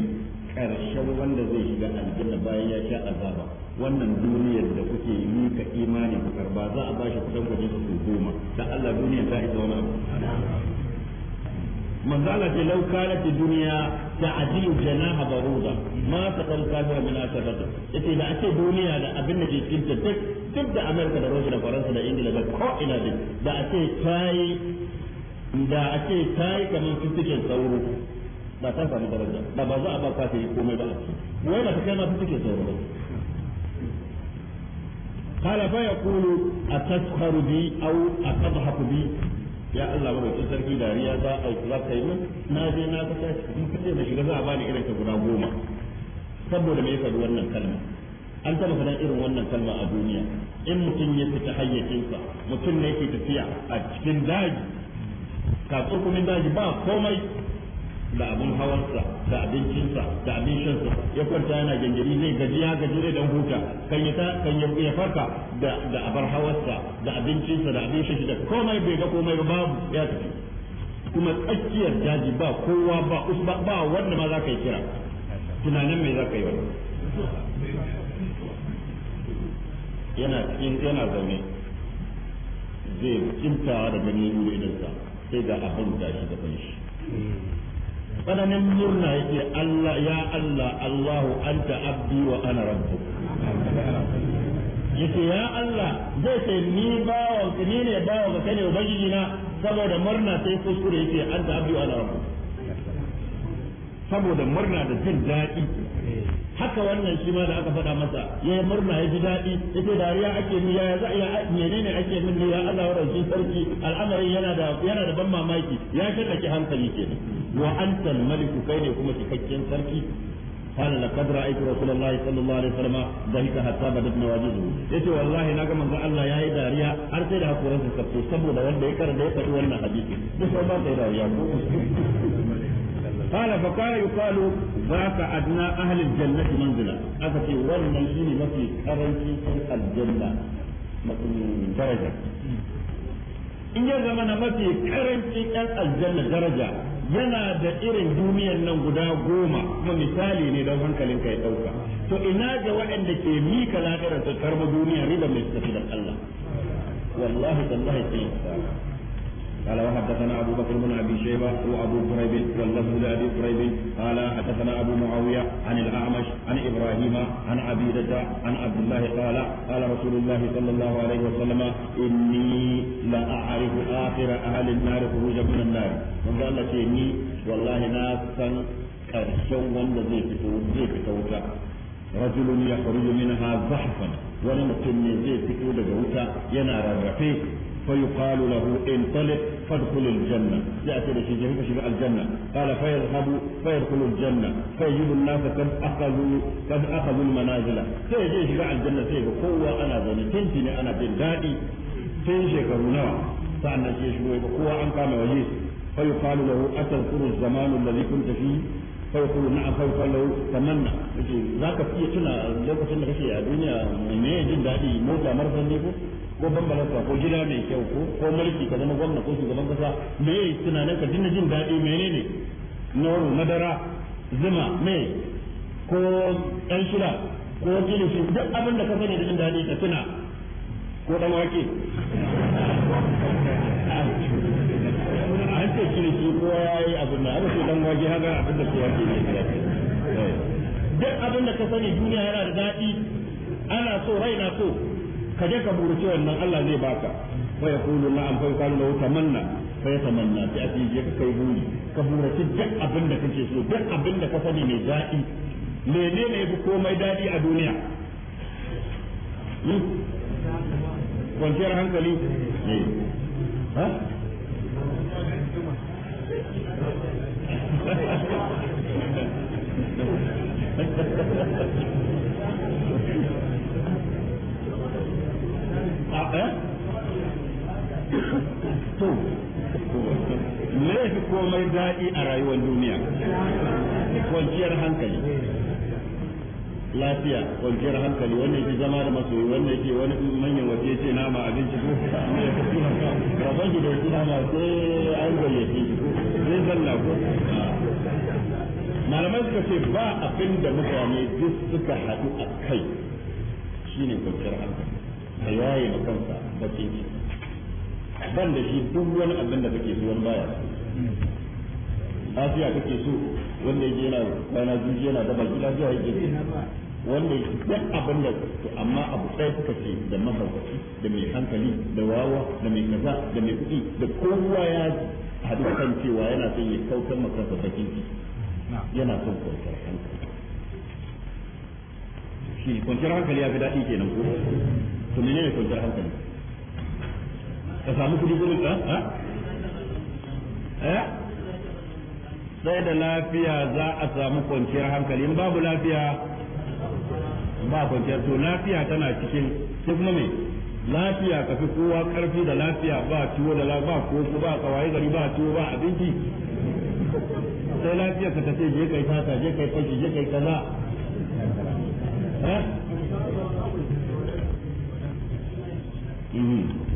ƙarshen wanda zai shiga aljanna bayan ya sha azaba wannan duniyar da kuke yi ka imani ku karba za a bashi kusan kuɗi su goma dan Allah duniya ta isa wani abu manzo Allah ce lau kanat duniya ta'dilu janaha baruda ma taqal kafira min asabata yace da ake duniya da abin da ke cikin duk duk da Amerika da Rasha da Faransa da Ingila da ko ina duk da ake tayi da ake tayi kamar fitikin sauro ba ta samu daraja ba ba za a ba yi komai ba wai ba ta kai ma sauro ba kala ba a فيقول أتسخر au a أتضحك bi. ya Allah ba bai sarki dariya za a yi za ka yi min na je na ga tashi in kace da shiga za a bani irin ta guda goma saboda me yasa wannan kalma an taba faɗan irin wannan kalma a duniya in mutum ya fita hayyacinsa mutum ne yake tafiya a cikin daji ka tsokumin daji ba komai da abin hawansa da cinsa da abin shansa ya kwanta yana gangari zai gaji ya gaji zai dan huta kan ya kan ya farka da da abar hawarsa da cinsa da abin shansa da komai bai ga komai ba babu ya tafi kuma tsakiyar daji ba kowa ba usba ba wanda ma za ka yi kira tunanin me za ka yi ba yana cikin yana zaune zai kintawa da ganin idansa sai ga abin da shi gaban shi tsananin murna yake Allah ya Allah Allahu anta abdi wa ana rabbuk yace ya Allah zai ce ni bawa ni ne bawa ga kane ubangiji na saboda murna sai kuskure yace anta abdi wa ana rabbuk saboda murna da jin daɗi haka wannan shi ma da aka faɗa masa ya yi murna ya ji daɗi yace dariya ake min ya za ya menene ake min ya Allah wa sarki al'amarin yana da yana da ban mamaki ya shakake hankali kenan wa antal maliku kai ne kuma cikakken sarki قال لقد رايت رسول الله صلى الله عليه وسلم ضحك حتى بدت نواجذه yace wallahi naga manzo Allah yayi dariya har sai da hakurin sa saboda wanda ya karanta ya faɗi wannan hadisi duk sai ba sai dariya قال فكان يقال ذاك أدنى أهل الجنة منزلا أفتي ورمى شيني مفي أرنشي في الجنة درجة in ya zama na mafi karancin yan aljanna daraja yana da irin duniyar nan guda goma kuma misali ne don hankalin ka ya dauka to ina ga waɗanda ke mika lafiyar su karba duniya riba mai tafi da Allah wallahi tallahi sai قال وحدثنا ابو بكر بن ابي شيبه وابو كريب واللفظ لابي كريب قال حدثنا ابو معاويه عن الاعمش عن ابراهيم عن عبيده عن عبد الله قال قال رسول الله صلى الله عليه وسلم اني لاعرف اخر اهل النار خروجا من النار وقال لك اني والله ناسا karshen wanda zai fito zai fita wuta rajulun ya faru minha zahfan wani mutum ne zai fito daga wuta yana rarrafe فيقال له انطلق فادخل الجنة يأتي لشي جهنم شبع الجنة قال فيذهب فيدخل الجنة فيجد الناس قد أخذوا قد أخذوا المنازل سيجي شبع الجنة سيجي قوة أنا ذني تنتني أنا بالدائي تنشي كرونا فأنا سيجي قوة أن كان وجيس فيقال له أتذكر الزمان الذي كنت فيه فيقول نعم فيقال له تمنى ذاك في سنة لو كنت في الدنيا من يجد هذه موتى مرة نيكو ko bambalarsa ko gida mai kyau ko mulki ka zama gwamna ko shugaban kasa me yayi tunanin ka dinna jin daɗi menene na nono madara zuma me ko ɗan shida ko shi duk abin da ka sani da jin daɗi ka tuna ko ɗan wake an ce shi ko ya yi abin da aka ce wake haka abin da ke wake ne eh. duk abin da ka sani duniya yana da daɗi ana so rai na so ka buru ka burace wannan Allah zai baka fa yaqulu na an fa yuqalu lahu tamanna fa yatamanna sai a je ka kai buri ka burace duk abin da kake so duk abin da ka sani mai daɗi menene yafi komai daɗi a duniya hmm? kwanciyar hankali ne eh. ha to laifi komai daɗi a rayuwar duniya kwanciyar hankali lafiya kwanciyar hankali wannan yake zama da masoyi wannan yake wani manyan wace ce nama abinci ko rabon ki da wasu nama sai an gayyace ki ko zai zanna ko malamai suka ce ba abin da mutane duk suka haɗu a kai shine kwanciyar hankali a yaye makonsa bakin ciki ban da shi duk wani abin da kake so wani baya lafiya kake so wanda yake yana kwana zuciya yana da baki lafiya yake so wanda duk abin da to amma abu ɗaya suka ce da mahaukaci da mai hankali da wawa da mai kaza da mai kuɗi da kowa ya haɗu kan cewa yana son ya kautar da bakin yana son kautar hankali shi kwanciyar hankali ya fi daɗi kenan ko to menene kwanciyar hankali ka samu kudi kudi ka eh sai da lafiya za a samu kwanciyar hankali in babu lafiya ba kwanciyar to lafiya tana cikin sai kuma me lafiya ka fi kowa karfi da lafiya ba ciwo da ba koko ba kawai gari ba ciwo ba abinci sai lafiya ka tace je kai fata je kai fashi je kai kaza eh mm-hmm.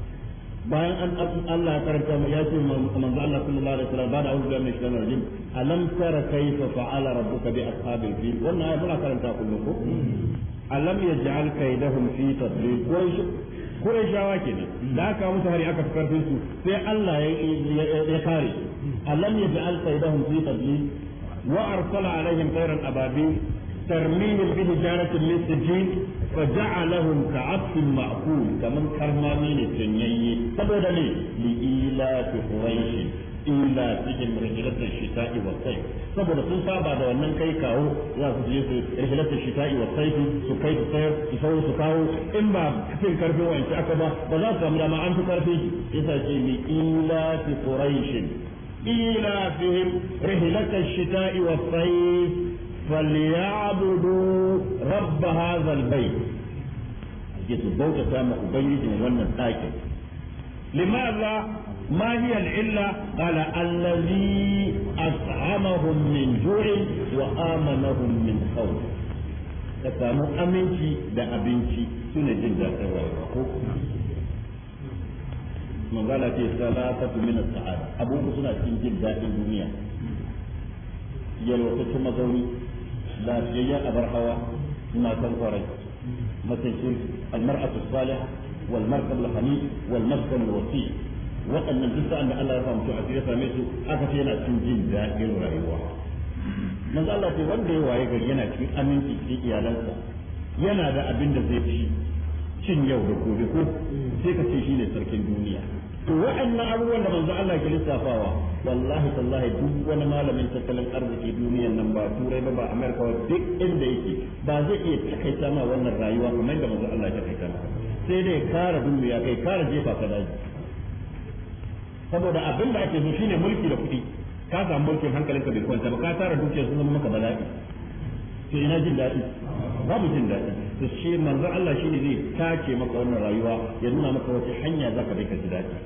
bayan an Allah ya karanta mu ya ce manzo Allah sallallahu alaihi wasallam bada auzu billahi minash shaitanir rajim alam tara kayfa fa'ala rabbuka bi ashabil fil wannan ayat muna karanta kullum ko alam yaj'al kaydahum fi tadlil qurayshawa kenan da aka musu hari aka fi karfin su sai Allah ya kare alam yaj'al kaydahum fi tadlil wa arsala alaihim tayran ababil ترميم بهجارة من سجين فجعلهم كعبس معقول كمن كرمامين سنيي سبب لي لإيلاف قريش illa cikin rijilatar shita'i wa sai saboda sun saba da wannan kai kawo za su je su rijilatar shita'i wa sai su kai su sayar su sau su kawo in ba cikin karfin wanci aka ba ba za su samu dama an fi ni فليعبدوا رب هذا البيت جيت البوت كان مخبيج وانا التاكل لماذا ما هي العلة قال الذي أطعمهم من جوع وآمنهم من خوف تسامو أمنشي دا أبنشي سنة جدا من قال في ثلاثة من السعادة أبوك سنة جدا في الدنيا يلوقت ثم lafiyayyen abar hawa matan kwarai matan kirki almar'atu salihah wal markab al hamid wal maskan waɗannan duk sa'an da Allah ya samu a ya same su aka ce yana cikin jin daɗin rayuwa manzo Allah ce wanda ya waye gari yana cikin aminci cikin iyalansa yana da abin da zai ci cin yau da gobe ko sai ka ce shine sarkin duniya to waɗannan abubuwan da manzo Allah ke lissafawa wallahi tallahi duk wani malamin tattalin arziki duniyar nan ba turai ba ba amerika ba duk inda yake ba zai iya takaita ma wannan rayuwa kamar da manzo Allah ya takaita sai dai kara duniya kai kara jefa ka daji saboda abin da ake so shine mulki da kuɗi ka samu mulkin hankalinka bai kwanta ba ka tara dukiyar sun zama maka bala'i to ina jin daɗi babu jin daɗi to shi manzo Allah shine zai tace maka wannan rayuwa ya nuna maka wata hanya zaka bi ka ji daɗi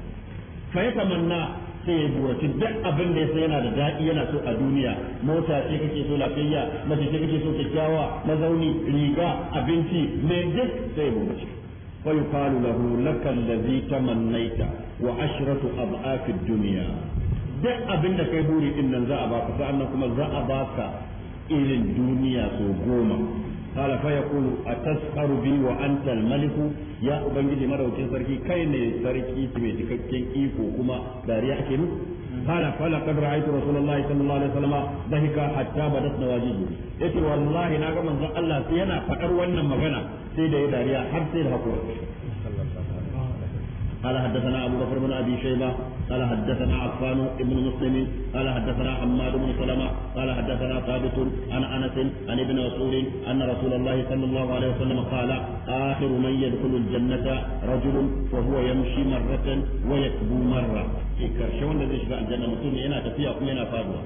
fa ya tamanna sai ya buraci duk abin da yasa yana da daɗi yana so a duniya mota ce kake so lafiya mace ce kake so kyakkyawa mazauni riga abinci ne duk sai ya buraci fa yuqalu lahu lakal ladhi tamannaita wa ashratu ad'af ad-dunya duk abin da kai buri din za a baka sa'annan kuma za a baka irin duniya sau goma قال فيقول أتسخر بي وأنت الملك يا أبنجي مرة وكين سركي كين سركي تميت كين إيكو كما داريا كينو قال فلقد رأيت رسول الله صلى الله عليه وسلم ضحك حتى بدت نواجيه يتي والله ناقم من الله سينا فأروا أن مغنى سيدة داريا حبسي الحقوق قال حدثنا أبو بكر بن أبي شيبة قال حدثنا عفان بن مسلم قال حدثنا حماد بن سلمة قال حدثنا ثابت عن أنس عن ابن مسعود أن رسول الله صلى الله عليه وسلم قال آخر من يدخل الجنة رجل وهو يمشي مرة ويكبو مرة في كرشون الذي يشبع الجنة متون هنا تفيا هنا فادوا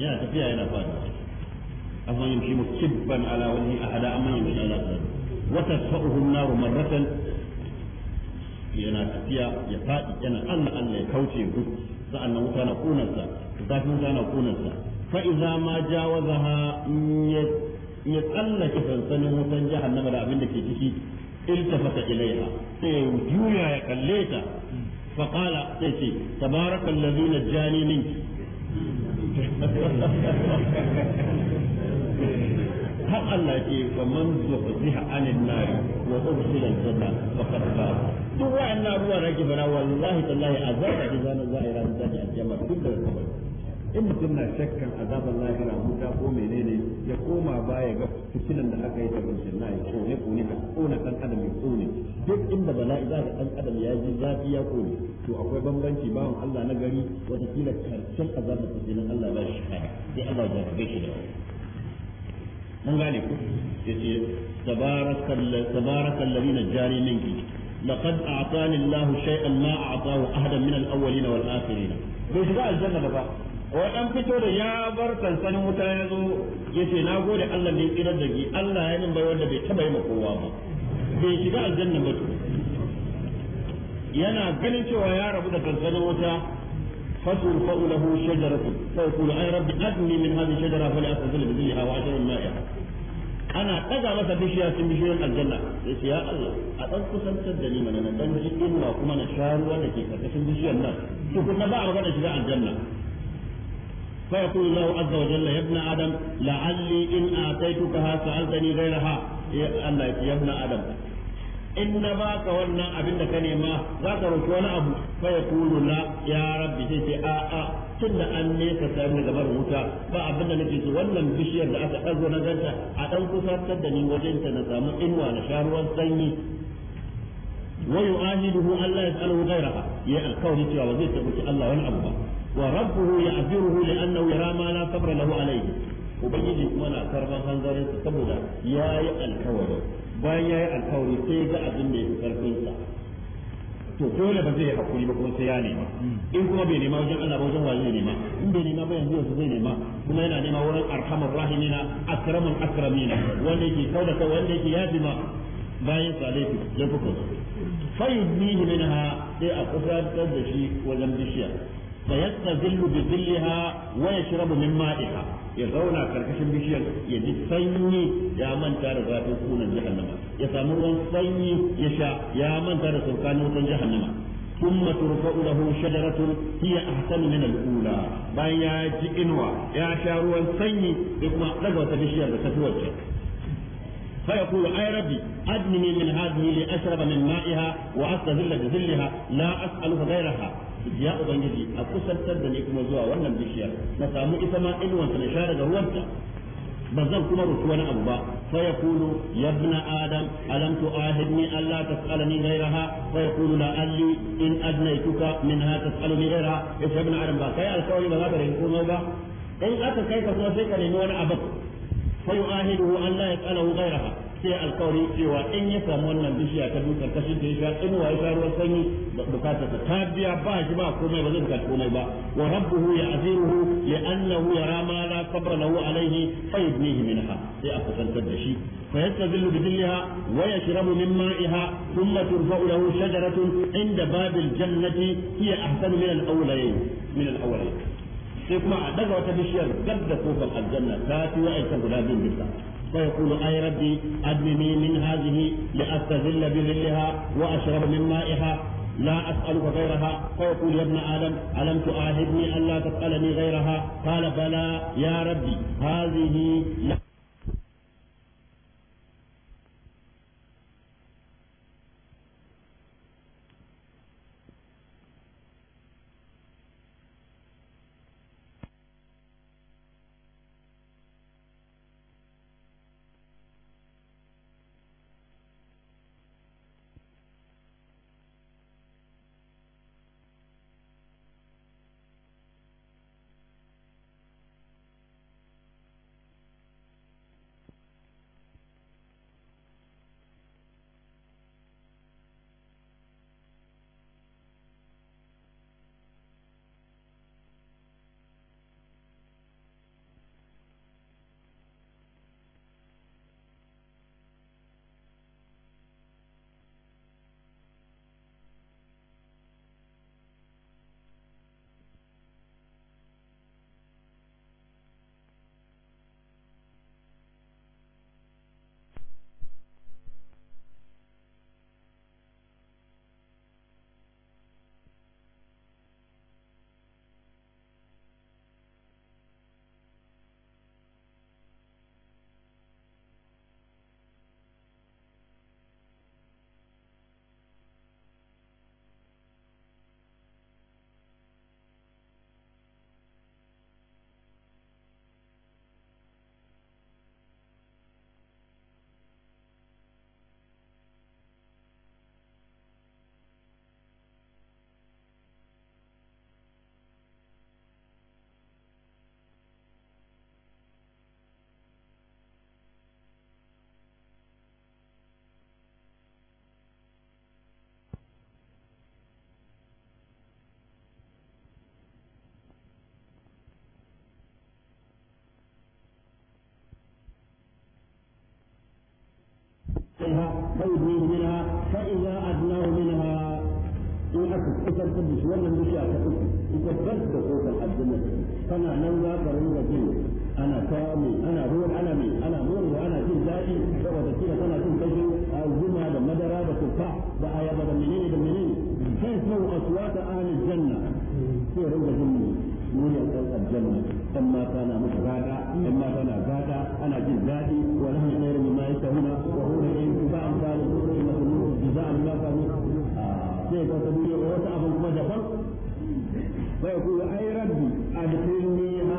هنا تفيا هنا فادوا أما يمشي مكبا على وجه أحد أما يمشي على وتدفئه النار مرة yana tafiya ya faɗi yana Allah Allah ya kauce gudu sa'annan wuta na kunansa zafin wuta na kunansa fa idza ma jawazaha ya tsallake sansanin wutan jahannama da abin da ke ciki iltafata ilaiha sai juya ya kalle ta fa qala sai ce tabarakallazi najjani minki har Allah ke fa man zuwa an nari wa udkhila al-janna faqad faz duk wa'annan abubuwa da ake fara wallahi tallahi azaba da zanen za a yi ranar zaki jama'a duk da kuma in mutum na shakkan azaban lahira huta ko menene ya koma baya ga fitilan da aka yi ta bincin na ya kone kone a kona kan adam ya kone duk inda bala'i za ka dan adam ya ji zafi ya kone to akwai bambanci bawan Allah na gari wata kila karshen azaban fitilan Allah ba shi sai Allah ya rabe shi da mun gane ku yace tabarakallahi tabarakallahi najari minki لقد أعطاني الله شيئا ما أعطاه أحدا من الأولين والآخرين بشراء الجنة بقى wadan fito da ya bar sansanin wuta ya zo ya ce na gode Allah ne tsirar da ni Allah ya min bai wanda bai taba yi ma kowa ba bai shiga aljanna ba yana ganin cewa ya rabu da sansanin wuta فترفع له شجرة فيقول أي رب أدني من هذه الشجرة فلأستزل بذلها وأشر المائعة ana ɗaga masa bishiya cikin bishiyoyin aljanna sai ce ya Allah a ɗan kusantar da ni mana na ɗan ji inuwa kuma na sha ruwa da ke karkashin bishiyar nan tukunna ba a magana shiga aljanna فيقول الله عز وجل يا ابن ادم لعلي ان اتيتكها سالتني غيرها إيه الله يا ابن ادم in na ba ka wannan abin da ka nema za ka roki wani abu fa ya kulu la ya rabbi sai ce a a tun da an nesa ka sayar da gabar wuta ba abin da nake so wannan bishiyar da aka ɗago na ganta a ɗan kusantar da ni wajen ta na samu inuwa na sha ruwan sanyi wa yu'ahiduhu Allah ya yas'aluhu ghayraha ya alkawari cewa ba zai tabbaci Allah wani abu ba wa rabbuhu ya'ziruhu li'annahu yara ma la sabra lahu alayhi ubangiji kuma na karban hanzarin saboda yayi alkawari bayan ya yi alkawari sai ga abin da ya fi karfinsa to dole ba zai yi hakuri ba kuma sai ya nema in kuma bai nema wajen Allah ba wajen wa zai nema in bai nema ba yanzu yanzu zai nema kuma yana nema wurin arhamar rahimina akramul akramina wanda yake kauda kai wanda yake yafi ma bayan salatu ya fuka fayudnihi minha sai a kusantar da shi wajen bishiya fayastazilu bi zillaha wa yashrabu min ma'iha ya zauna karkashin bishiyar ya ji sanyi ya manta da zafin kunan jahannama ya samu ruwan sanyi ya sha ya manta da saukanin wutan jahannama ثم ترفع له شجرة هي أحسن من الأولى بان يا جئنوا يا شاروا سني يكما لغوة بشير بتفوجه فيقول أي ربي أدنني من هذه لأشرب من مائها وأستذل بذلها لا أسأله غيرها ya ubangiji a kusantar da ni kuma zuwa wannan bishiyar na samu ita ma inuwanta na share da ruwanta ba zan kuma rufu wani abu ba fa yaqulu ya ibn adam alam tu'ahidni alla tas'alani ghayraha fa yaqulu la alli in adnaytuka minha tas'aluni ghayraha ya ibn adam ba kai alkawari ba za ka rinko mai ba in aka kai ka so sai ka nemi wani abu fa yu'ahiduhu an la yas'alahu ghayraha sai alkawari cewa in ya samu wannan bishiya ta dukkan kashin da ya sha in wa ya sha ruwan sanyi bukatar ta ta biya ba shi ba komai ba zai bukaci komai ba wa rabbuhu ya aziruhu li annahu ya rama la sabra lahu alayhi fa yudnihi minha sai a kusantar da shi fa yastazillu bi dhillaha wa yashrabu min ma'iha thumma turfa'u lahu shajaratun inda babil jannati hiya ahsanu min al-awwalayn min al-awwalayn sai kuma a daga wata bishiyar gab da kofar aljanna ta fi wa'aikar guda biyu bisa فيقول أي ربي أدنني من هذه لأستذل بظلها وأشرب من مائها لا أسألك غيرها فيقول يا ابن آدم ألم تعاهدني ألا تسألني غيرها قال بلى يا ربي هذه لا عليها فيبنيه منها فإذا أدناه منها يؤكد إذا قدس ولا بشاء تقول إذا قدس قوت الحد فأنا نولى فريضة دين أنا كامل أنا هو العلمي أنا مر وأنا في ذاتي فقد كده كن تجو أو جمع بالتفاح بقى آية، يا بمنين بمنين كيف أصوات آل الجنة في روضة جميلة duniya kan aljanna ɗan mata na musu gada ɗan mata na gada ana jin daɗi wa lahum khairun mimma yasawuna wa huwa in ba'an zalim inna kullu jaza'an ma kanu sai ka ta duniya wata abin kuma daban bai ku ai rabbi adkhilni ha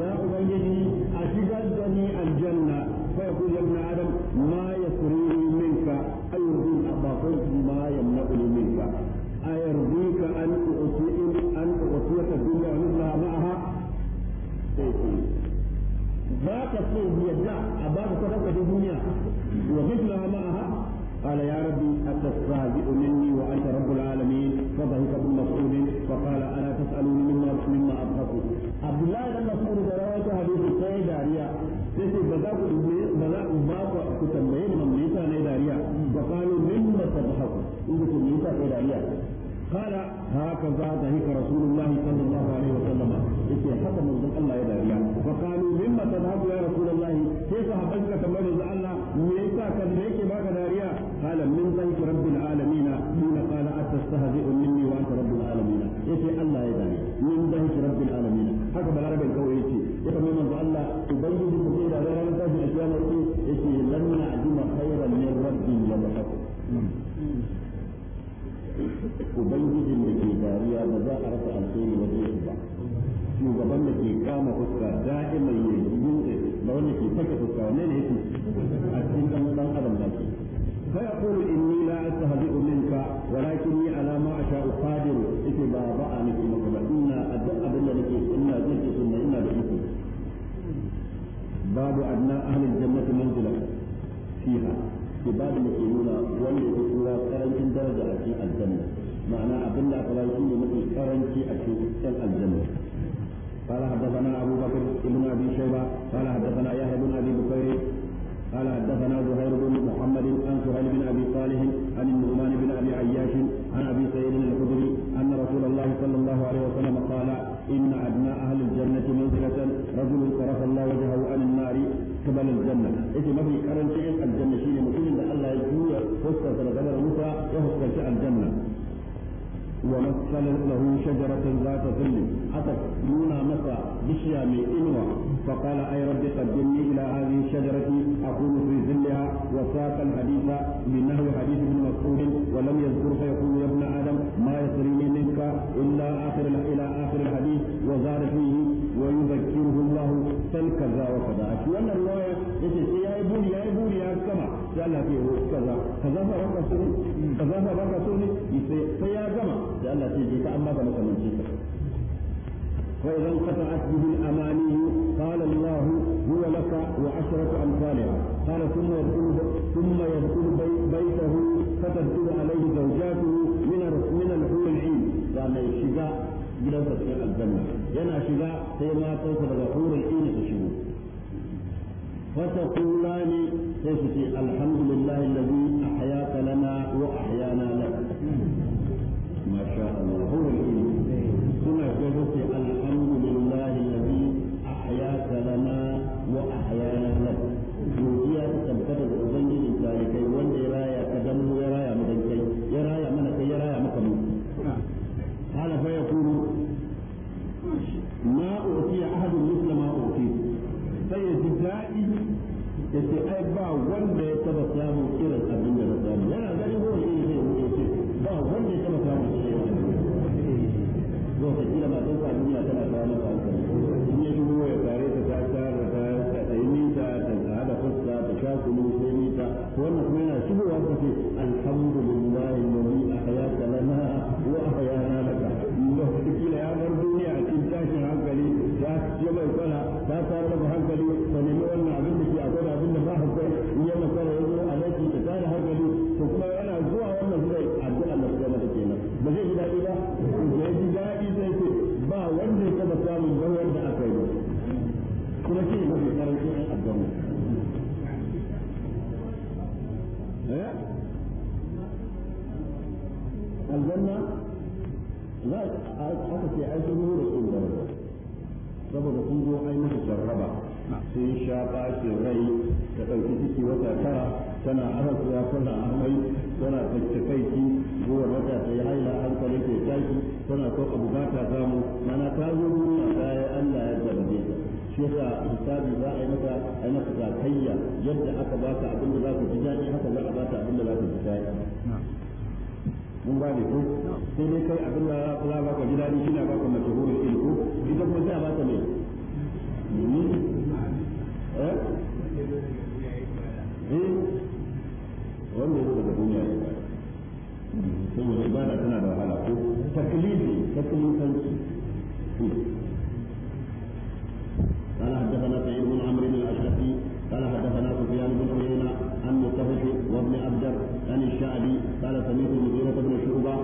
ya ubangiji a shigar da ni aljanna fa yaqulu ya ibn adam ma yasrini minka ayyuhu abaqul ma yamna'u minka ayardika an tu'ti الدنيا ومثلها معها ذاك الصوم يدعى أباك صدقة الدنيا ومثلها معها قال يا ربي أتستهزئ مني وأنت رب العالمين فضحك ابن مسعود فقال ألا تسألوني مما مما أبحث عبد الله بن مسعود رواه حديث السيد داريا sai ba بلا أباك ba za ku ba ku ku tambaye ni me yasa ne dariya ba قال هكذا ضحك رسول الله صلى الله عليه وسلم يقول حتى من الله يدعي فقالوا مما تذهب يا رسول الله كيف حبسك كما رضا الله ليس كان ليك ما داريا قال من ضيف رب العالمين حين قال أتستهزئ مني وأنت رب العالمين يقول الله يدعي من ضيف رب العالمين هكذا بالعربي القوي يقول يقول من الله تبين المسيرة لا ينتهي أشياء يقول لن نعدم خيرا من ربي يضحك ubangiji ne ke dariya ba za a rasa alheri wa zai ba shugaban da ke kama fuska da'iman ya yi yunƙe da wanda ke fake fuska ne ne yake a cikin ɗan ɗan adam da ke fa ya kuru in ni la ta Minka, uminka walakin ni ala ma asha uqadir ite ba ba a ni kuma ba inna adda abin da nake inna zai ce sunna inna da ku babu adna ahli jannati manzila fiha ke ba da mutum nuna wanda ya fi tsura karancin daraja a cikin aljanna معنى أبن لا فلا يكون مثل كرنتي أشياء الجنة قال حدثنا أبو بكر بن أبي شيبة قال حدثنا يحيى بن أبي بكير قال حدثنا زهير بن محمد عن سهيل بن ابي صالح عن النعمان بن ابي عياش عن ابي سعيد الخدري ان رسول الله صلى الله عليه وسلم قال ان ادنى اهل الجنه منزله رجل صرف الله وجهه عن النار قبل الجنه اذا ما في كرنشي الجنه شيء مثل ان الله يجوع وسط الغدر موسى وهو الجنه ونسل له شجرة ذات ظل حتى نونا مسا بشيا من إنوى فقال أي رب قدمني إلى هذه الشجرة أكون في ظلها وساق الحديث بنحو حديث ابن مسعود ولم يذكر فيقول يا ابن آدم ما يسرني منك إلا آخر إلى آخر الحديث وزاد فيه ويذكره الله سل كذا وكذا وأن الرواية يا بوري يا بوري يا كما قال كذا كذا فهو رسول kaza ba ba so ne sai ya gama da Allah sai je ka amma ba makamanci ka وإذا انقطعت به الأماني قال الله هو لك وعشرة أمثالها قال ثم يدخل ثم يدخل بيته فتدخل عليه زوجاته من من الحور العين قال الشفاء gidansa cikin aljanna yana shiga sai ma kansa daga hurul ini su shigo فتقولان سيفتي الحمد لله الذي أحياك لنا وأحيانا لك ما شاء الله هو الإيمان ثم يقول الحمد yace ai ba wanda ya taba samun irin abin da na samu yana ganin ko shi ne ya ce ba wanda ya taba samun irin zo ta kila ma don sa duniya tana kawo maka hankali in ya shigo ya tare ta ta tara ta ta ta yi nisa ta ta haɗa fuska ta sha kunu ne ta wannan kuma yana shigowa ka ce alhamdulillah nabi ahyaka lana wa ahyana laka kila ya bar duniya a cikin tashin hankali ya ce mai kwana ta tara hankali ta nemi wannan abin aljanna za a aka ce ai sun nuna sun garba saboda sun zo ai musu jarraba sun sha ɓacin rai ta ɗauki ciki wata tara tana arasuwa tana amai tana tattakaici zuwa wata ta yi haila hankali ke tashi tana so a ta samu mana ta zo duniya ta yi Allah ya zarge ta shi yasa misali za a yi maka a yi maka zakayya yadda aka baka abin da za ku ji daɗi haka za a ba baka abin da za ku ji daɗi mun gane ko sai dai kai abin da za ka ba ka ji daɗi shi ba ka ita kuma sai a ba ka hmm? eh? eh? duniya hmm, ibada tana da wahala ko عن الشعبي قال سمعت مغيرة بن شعبة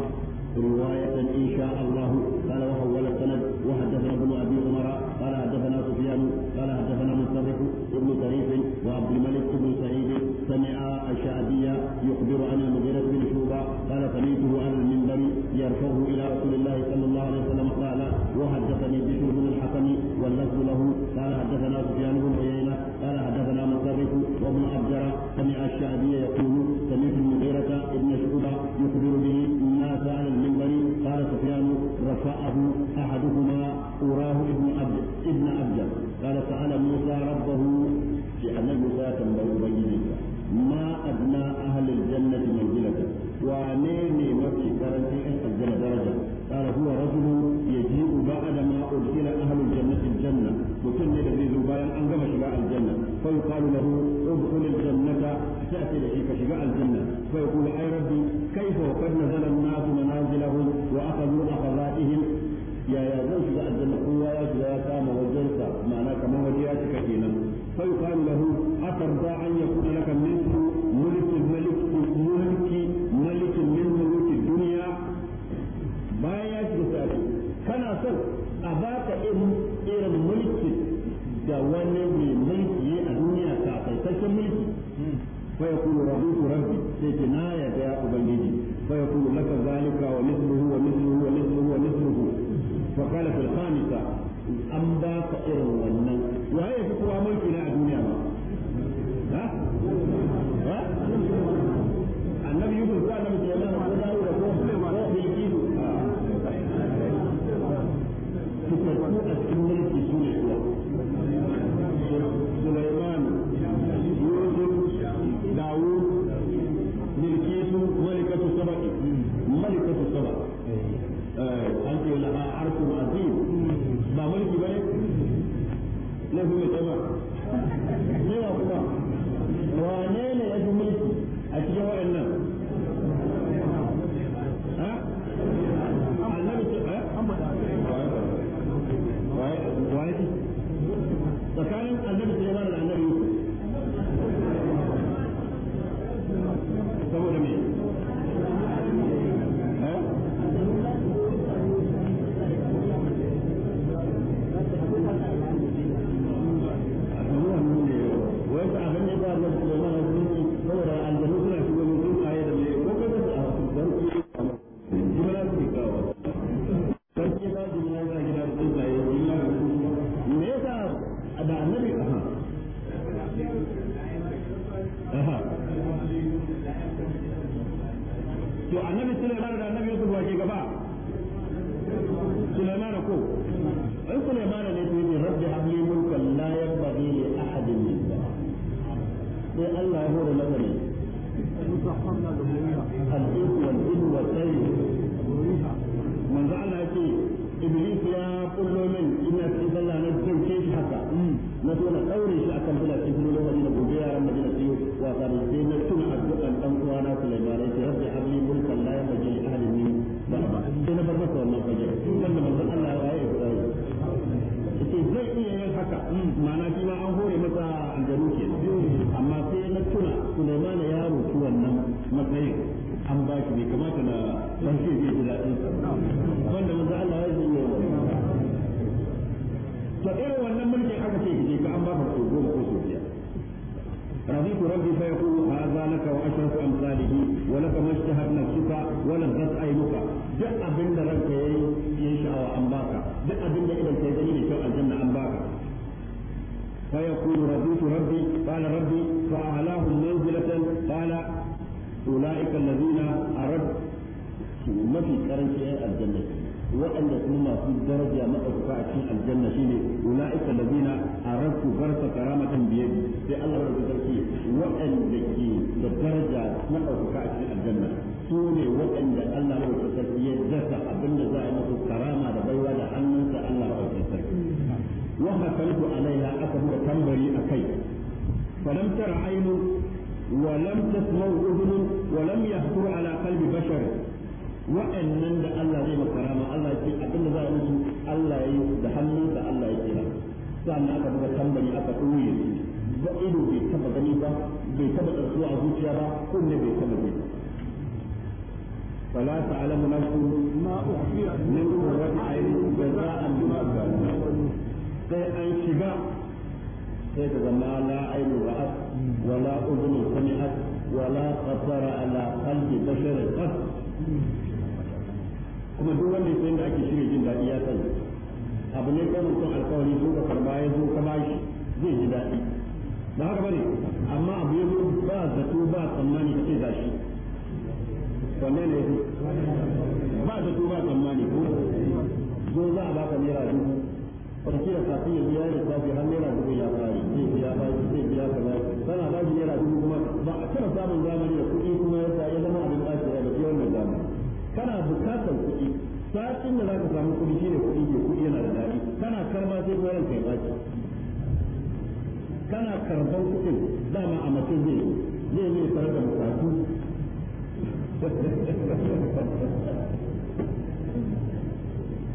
رواية إن شاء الله قال وحول السند وحدثنا ابن أبي عمر قال حدثنا سفيان قال حدثنا مصطفى ابن طريف وعبد الملك بن سعيد سمع الشعبي يخبر عن المغيرة بن شعبة قال سمعته على المنبر يرفعه إلى رسول الله صلى الله عليه وسلم قال وحدثني بشر بن الحكم واللفظ له قال حدثنا سفيان بن فيقال له ادخل الجنة تأتي لك شجاع الجنة فيقول أي ربي كيف وقد نزل الناس منازلهم وأخذوا أخذاتهم يا يا زن شجاع الجنة هو يا يا سام وجلسة معناه كما وجهتك كثيرا فيقال له أترضى فيقول رضيت ربي سيكنا يا أبنجي فيقول لك ذلك ومثله ومثله ومثله ومثله فقال في الخامسة أم باك إرن ونن وهي في قوى ملكنا الدنيا ها؟ ها؟ النبي يقول قال النبي صلى الله عليه وسلم فيقول هذا لك وأشرف أمثاله ولك ما اشتهت نفسك ولذت عينك جاء بين ربك يشاء أنباك جاء بين إذا تجري لشاء الجنة أنباك فيقول رضيت ربي قال ربي فأعلاهم منزلة قال أولئك الذين أردت ما في كرنسي الجنة وأن يكون في الدرجة مقصفة في الجنة شيني أولئك الذين أردت فرصة كرامة بيدي في الله رب تركي وأن يكون في الدرجة مقصفة في الجنة سوني وأن يكون الله رب تركي جسع بلنا زائمة الكرامة دبوا لحنك الله رب تركي وحصلت عليها أكبر تنبري أكي فلم ترى عين ولم تسمع أذن ولم يخطر على قلب بشر waɗannan da Allah zai makara ma Allah ce abin da za a yi Allah ya yi da hannu da Allah ya kira sannan aka buga tambari aka ɗoye ba ido bai taba gani ba bai taba tsarsuwa a zuciya ba kunne bai taba gani فلا تعلم نفس ما أخفي من قرة عين جزاء بما كانوا sai an shiga sai ta zama la ainu ra'at wala udhun sami'at wala qasara ala qalbi kuma duk wanda ya da ake shirya jin daɗi ya sani abu ne kan mutum alkawari sun ka karba ya zo ka bashi zai ji daɗi ba haka bane amma abu ya zo ba zato ba tsammani ka ce ga shi wanne ne ba zato ba tsammani ko zo za a baka naira dubu wakila safi ya biya da safi har naira dubu ya fari zai biya ba zai biya kaza tana ba shi naira dubu kuma ba a cire samun zamani da kuɗi kuma ya zama abin ɗaki kana bukatar kuɗi satin da za ka samu kuɗi ne kuɗi ke kuɗi yana da daɗi kana karba sai kuma ranka ya baki kana karban kuɗin dama a mace zai zai ne tare da bukatu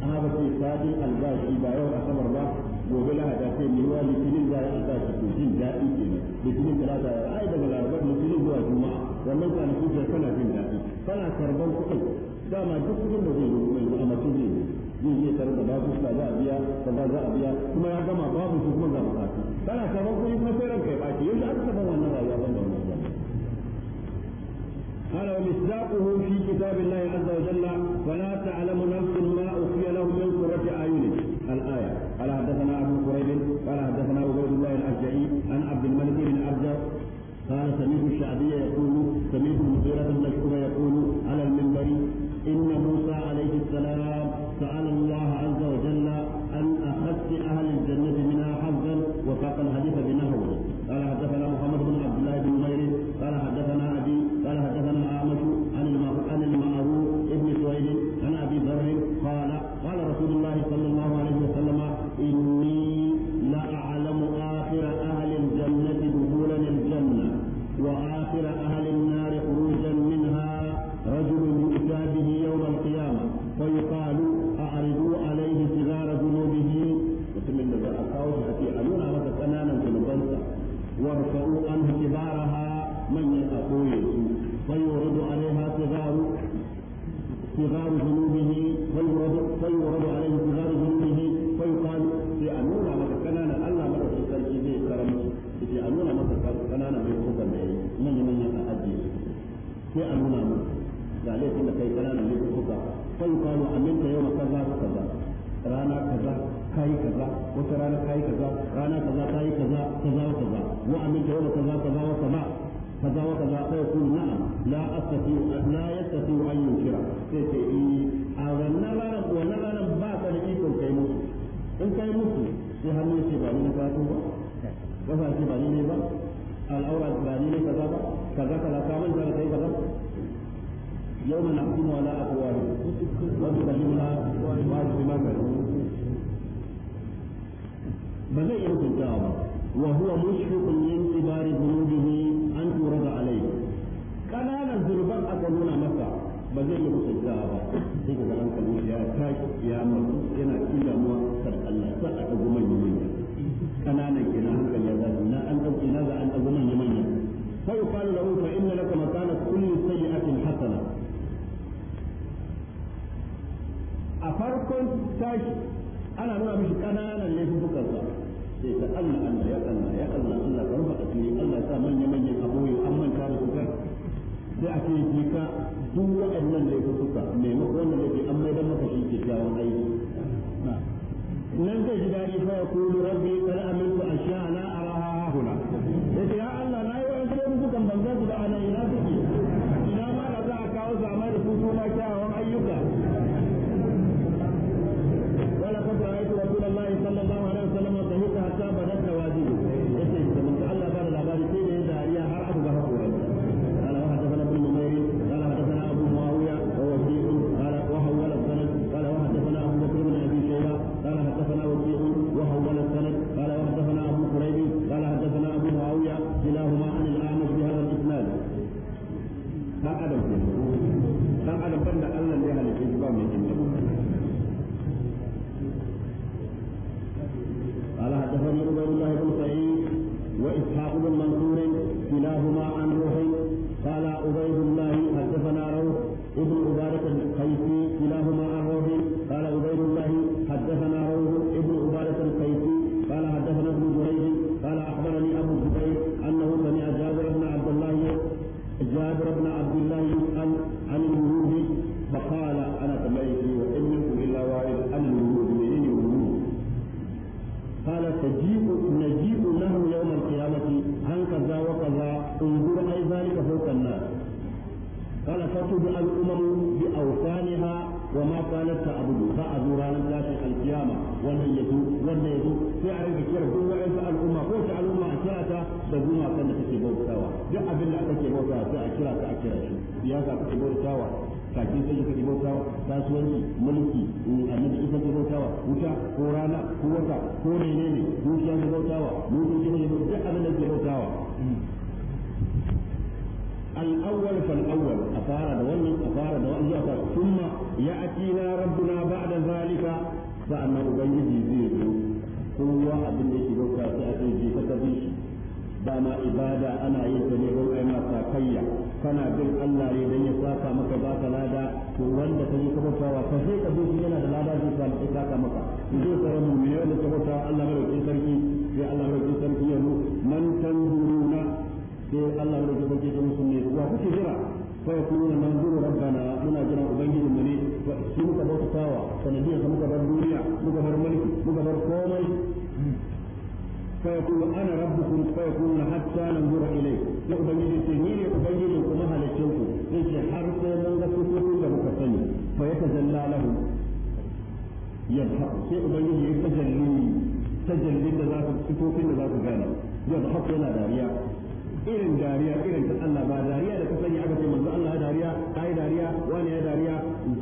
ana ba ce satin albashi ba yau asabar ba gobe lahada sai mai wani litinin za a albashi to jin daɗi ke ne litinin talata ai daga larabar litinin zuwa juma'a wannan kwanaki sai kana jin daɗi kana karban kuɗin dama duk kudin da zai yi mai amaki zai yi zai iya tare da babu sa za a biya kaza za a biya kuma ya gama babu su kuma ga bukatu kana sabon kuɗi kuma sai ranka ya baki yanzu aka saba wannan rayuwa ban da wannan قال ومصداقه في كتاب الله عز وجل فلا تعلم نفس ما اخفي لهم من قرة اعين الايه قال حدثنا ابو كريب قال حدثنا عبيد الله الاشجعي عن عبد الملك بن عبد قال سمعت الشعبي يقول سمعت المغيرة بن يقول على المنبر إن موسى عليه السلام سأل الله عز وجل أن أخذت أهل الجنة منها حظا وفاق الحديث بنهر rana kai kaza rana kaza kai kaza kaza wa kaza wa amin da kaza kaza wa kaza kaza wa kaza sai ku na'am la astati la yastati an yushira sai ce a wannan ranar wannan ranar ba ka da iko kai musu in kai musu sai hannu ce ba ni ka ba kafa ce ba ni ne ba al'aura ba ni ne kaza ba kaza kaza ka mun da kai kaza يوم نحكم على أقوالهم وتكلمنا وأجتماع ba zai iya hukuntawa ba wa huwa mushfiqun min kibari dhunubihi an turada alayhi kananan zurban aka nuna masa ba zai iya hukuntawa ba sai ka ga hankalin ya tashi ya mutu yana cikin damuwa sar Allah sa a dago manyan manya kananan kenan hankali ya zafi na an dauke na za an dago manyan manya fa yuqalu lahu fa inna laka makana kulli sayyi'atin hasana a farkon tashi ana nuna mishi kananan laifukansa sai ta Allah Allah ya Allah ya Allah Allah ka rufa asiri Allah ya sa manya manyan aboyi an manta da suka sai ake ce ji ka duk waɗannan da ya suka maimakon da ke an maida maka shi ke jawo aiki nan zai ji daɗi fa ya kulu rabbi qad amintu ashya la araha huna yace ya Allah na yi wa'ansu da sukan banza su da ana ina suke ina ma da za a kawo zama da su kuma kyawun رأيت رسول الله صلى الله عليه وسلم وصحيح حتى بدأت نوازله كلاهما عن روح قال عبيد الله حدثنا روح ابن عبادة القيسي كلاهما عن روح قال عبيد الله حدثنا روح ابن عبادة القيسي قال حدثنا ابن جريج قال أخبرني أبو الزبير أنه سمع جابر بن عبد الله جابر بن عبد الله يسأل عن الوجود فقال أنا سمعت وإن منكم إلا وارد عن الوجود منين الوجود قال تجيب نجيب له يوم القيامة عن كذا وكذا انظر اي ذلك فوق الناس قال فتبع الأمم بأوثانها وما كانت تعبد فاعبد رانا ذات القيامه ولن يزول ولن يزول تعرف كيف هو عز الامه فوق على الامه اكلتها ما كانت تكتبه سوا جاء بالله تكتبه سوا اكلها تاكلها سياسه تكتبه سوا kakin sai ka dibo tawa kasuwanci mulki annabi isa ka dibo tawa wuta ko rana ko wata ko menene dukiya ka dibo tawa mutunci ka dibo duk abin da ka dibo tawa الأول فالأول أفارد ولي أفارد ولي ثم يأتينا ربنا بعد ذلك فأنا أبيدي زيد هو a ليش بوكا سأتيجي فتبيش dama ibada ana yin ta ne don kai masa kana bin Allah ne ya saka maka ba lada to wanda ta yi kuma tawa sai ka bi da lada zai sa ya saka maka idan sai mu ne wanda ta Allah sarki sai Allah sarki ya sai Allah sarki wa kuke jira fa yakuna manzuru rabbana muna jira ubangiji mu ne wa shi muka bautawa sanadiyar sa muka bar duniya muka bar mulki muka bar komai فيقول انا ربكم فيقول حتى ننظر اليه لو بنجي سنين وبنجي كما هلكتكم انت حرف da ذكركم لم تسني فيتجلى له يضحك sai ubangiji ya tajalli tajallin da za su fito da za su gane yadda hakku yana dariya irin dariya irin ta Allah ba dariya da ka sani aka ce manzo Allah ya dariya ka yi dariya wani ya dariya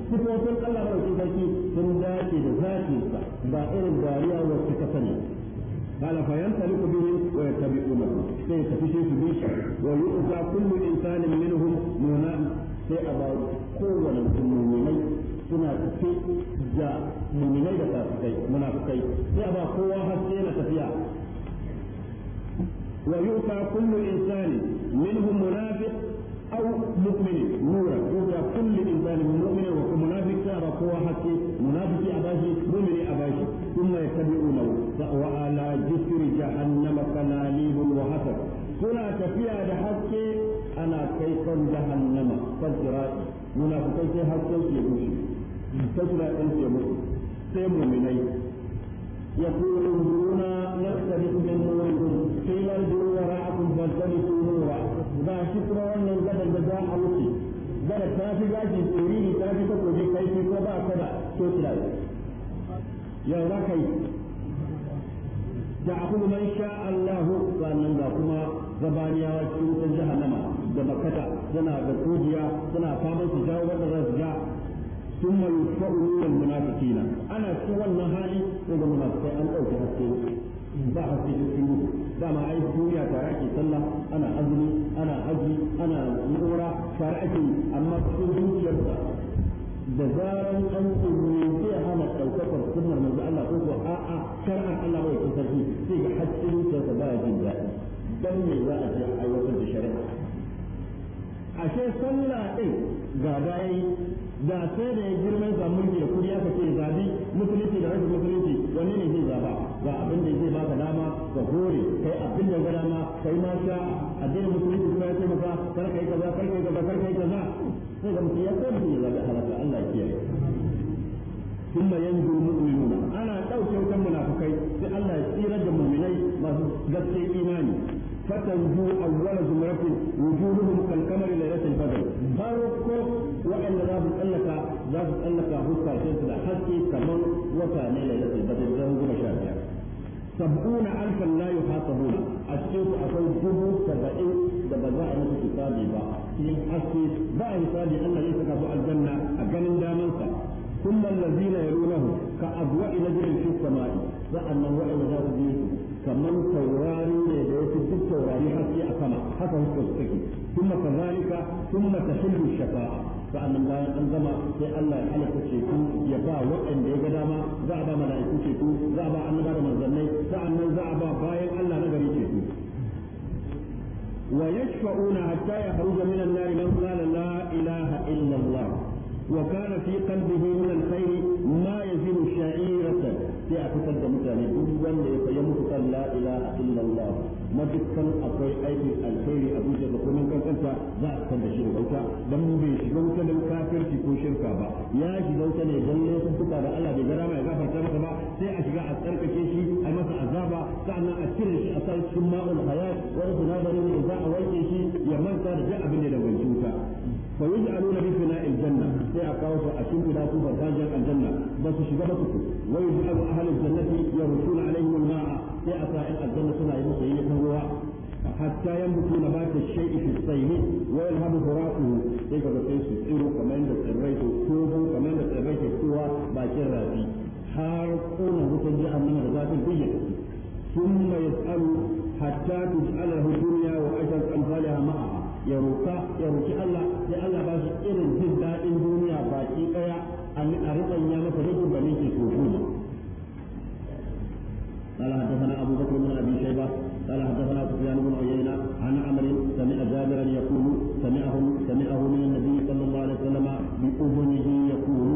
sifofin Allah ba su sarki sun dace da zafi ba irin dariya wacce ka sani قال فينسلك به ويتبعونه سيتفشي في بيش ويؤذى كل انسان منهم ينام في ابا قوة المؤمنين suna tafi da muminai da fasikai munafikai sai a ba kowa haske na tafiya ويؤتى كل إنسان منهم منافق أو مؤمن نورا يؤتى كل إنسان من مؤمن ومنافق ترى قوة منافق أباشي مؤمن أباشي ثم يتبعونه وعلى جسر جهنم قناليب وحسب سنة فيها da أنا كيف جهنم kan منافقين fasirai munafikai sai hasken su ya bushe fasirai ɗin يقول انظرونا نقتبس من نوركم قيل ارجعوا وراءكم فالتمسوا نورا ba shi kuma wannan gadar da za a wuce gadar ta fi gashi tsiriri ta fi takobi kai shi kuma ba ka da to kira da akwai sha Allahu sannan ga kuma gabaniyawa jihar jahannama da makata suna da kojiya suna fama su jawo wanda za ja ثم يسأل من المنافقين أنا سوى النهاري إذا منافقين أن أوكي هسكي ba a ce da ma ai duniya tare ake sallah ana azumi ana haji ana lura tare ake amma cikin zuciyarsa da zaran an tsoro zai hana ɗaukakar sunnar manzo Allah ko ko a'a shar'an Allah bai ta sarki sai ga haccin sa ba ya jin daɗi dan me za a je aiwatar da shari'a ashe sallah din ga dai da sai da ya girma ya samu mulki ya kudi aka ce zabi musulunci da rashin musulunci wani ne zai zaba ga abin da zai baka dama ka hore kai abin da ga dama kai ma sha addinin musulunci kuma ya ce maka kar kai kaza kar kai kaza kar kai kaza sai ga mutum ya san ya da halaka Allah ya kiyaye ثم ينجو المؤمنون ana dauke wutan munafikai sai Allah ya tsirar da mu'minai masu gaske imani fatanju awwala zumratin wujuhuhum kal kamari lailatul qadr farqu waɗanda za su tsallaka za su tsallaka huskacin su da haske kamar wata ne da yake da zan goma sha biyar sab'una alfan la yuhasabuna a cikin su akwai dubu saba'in da ba za a yi hisabi ba cikin haske ba a hisabi ana ya saka aljanna a ganin damansa ثم الذين يلونه كأضواء نجم في السماء فأنه وإن ذات كمن توراري لديك التوراري حتى أسمع حتى هو ثم كذلك ثم تحل الشفاعة sa'annan an gama sai Allah ya halaka ceto ya ba waɗanda ya ga dama za a ba mala'iku ceto za a ba annaba da manzannai sa'annan za a ba bayan Allah na gari ceto wa yashfa'una hatta ya haru min an-nar man qala la ilaha illa Allah wa kana fi qalbihi min al-khair ma yazilu sha'iratan sai a fitar da mutane duk wanda ya fayyamu la ilaha illa Allah madukkan akwai aikin alkhairi a zuciya ko mun kankanta za a san da shi da wuta dan bai shiga wuta da kafirci ko shirka ba ya shiga wuta ne dan ne sun da Allah bai gara mai gafarta masa ba sai a shiga a tsarkake shi a masa azaba sannan a cire shi a sa cikin ma'ul hayat wa sunadarin da za a wanke shi ya manta da duk abin da bai wuta fa yaj'aluna bi fina'il janna sai a kawo su a cikin da su farfajin aljanna ba su shiga ba su wa yaj'alu ahlul jannati yarusuna alaihim al-ma'a sai a sa'in aljanna suna yi musu yi ruwa hatta yan mutu na ba ta shai ishi tsaini wa yin habu horatu sai ga sai su tsiro kamar yadda tsirrai su tobo kamar yadda tsirrai ke tsuwa bakin rafi har kunan wutan ji amma da za ta sun mai tsaro hatta tu tsalahu duniya wa ashar tsamfali ya roƙa Allah sai Allah ba su irin jin daɗin duniya baki ɗaya a rikon ya masa rikin da nake tofu ne. قال حدثنا ابو بكر بن ابي شيبه قال حدثنا سفيان بن عيينه عن عمر سمع جابرا يقول سمعه سمعه من النبي صلى الله عليه وسلم باذنه يقول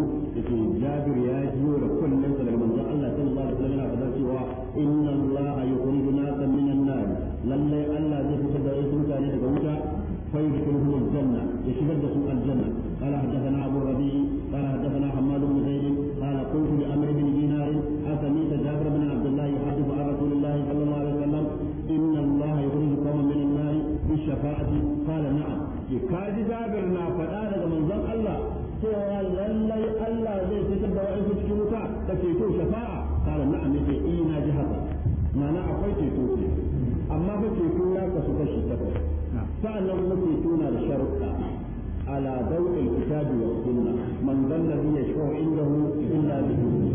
في جابر يا جور كل من صلى الله صلى الله عليه وسلم ان الله يخرج ناسا من النار لله الا زي فتدعي عليه daga فيدخلهم الجنه يشبه الجنه قال حدثنا ابو ربيع قال حدثنا حماد بن زيد sa'annan muke tuna da sharuɗa ala dawil kitabi wa sunna man dalla bi yashfa'u indahu illa bihi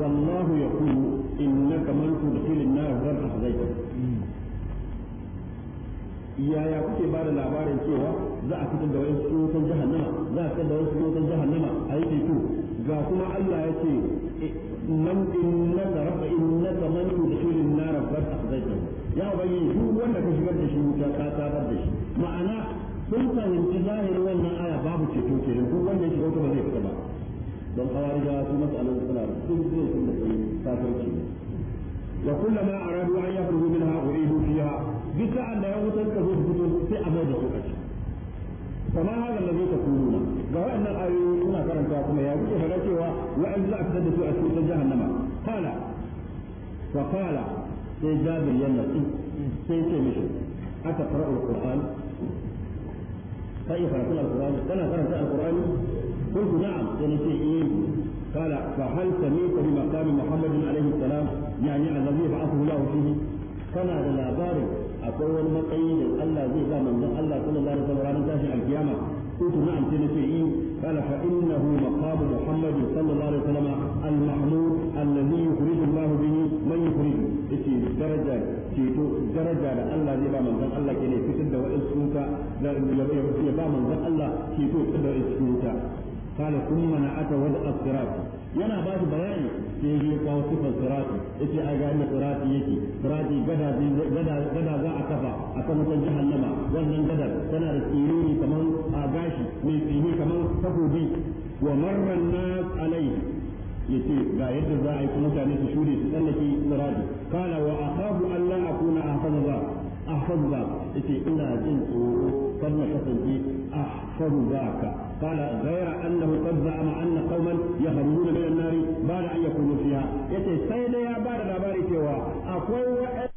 والله يقول إنك من تدخل النار غير أخزيته yaya kuke ba da labarin cewa za a fitar da wani tsohon jahannama za a fitar da wani tsohon jahannama a yi teku ga kuma Allah ya ce nan innaka rabba innaka man tudkhilin nar fa akhzaita ya ubangi duk wanda ka shigar da shi wuta ka tabar da shi ma'ana sun fahimci zahirin wannan aya babu ceto kenan duk wanda ya shiga wuta ba zai fita ba don kawarijawa su matsalan suna sun zai sun da kai kafirci wa kullama aradu an yakhruju minha uridu fiha bisa Allah ya wutar ka zo fito sai a mai da su kashi kama haka da zai na ga wa'annan ayoyi suna karanta kuma ya kuke fara cewa wa'an za a fitar da su a cikin jahannama qala wa qala sai jabir yana sai ce mishi aka fara alquran sai fara alquran kana karanta alqurani قلت نعم ونسي إيه قال فهل سمعت بمقام محمد عليه السلام يعني الذي بعثه الله فيه كان هذا الأبار أقول مقيد الله زي من الله صلى الله عليه وسلم رانا القيامة قلت نعم سنسي إيه قال فإنه مقام محمد صلى الله عليه وسلم المحمود الذي يخرج الله به من يخرج إتي درجة تيتو درجة الله زي من ذن الله كني فتد وإسكوتا يبا من ذن الله تيتو فتد وإسكوتا قال ثم انا اتى وضع الصراط وانا بعد بيان يجي يقاو صفة الصراط يجي اي قال صراط يجي صراط غدا غدا غدا غا اكفا اكما تنجح النما وانا غدا سنا رسيروني كمان اغاشي من فيه كمان تفو بي ومر الناس عليه يتي لا يد الزاعي كنت عني تشوري سألتي صراط قال واخاف ان لا اكون احفظ ذا احفظ ذا يتي انا جنت فلنا تفو احفظ ذاك قال غير انه قد زعم ان قوما يخرجون من النار بعد ان يكونوا فيها يتي سيدا يا بعد الاباري cewa akwai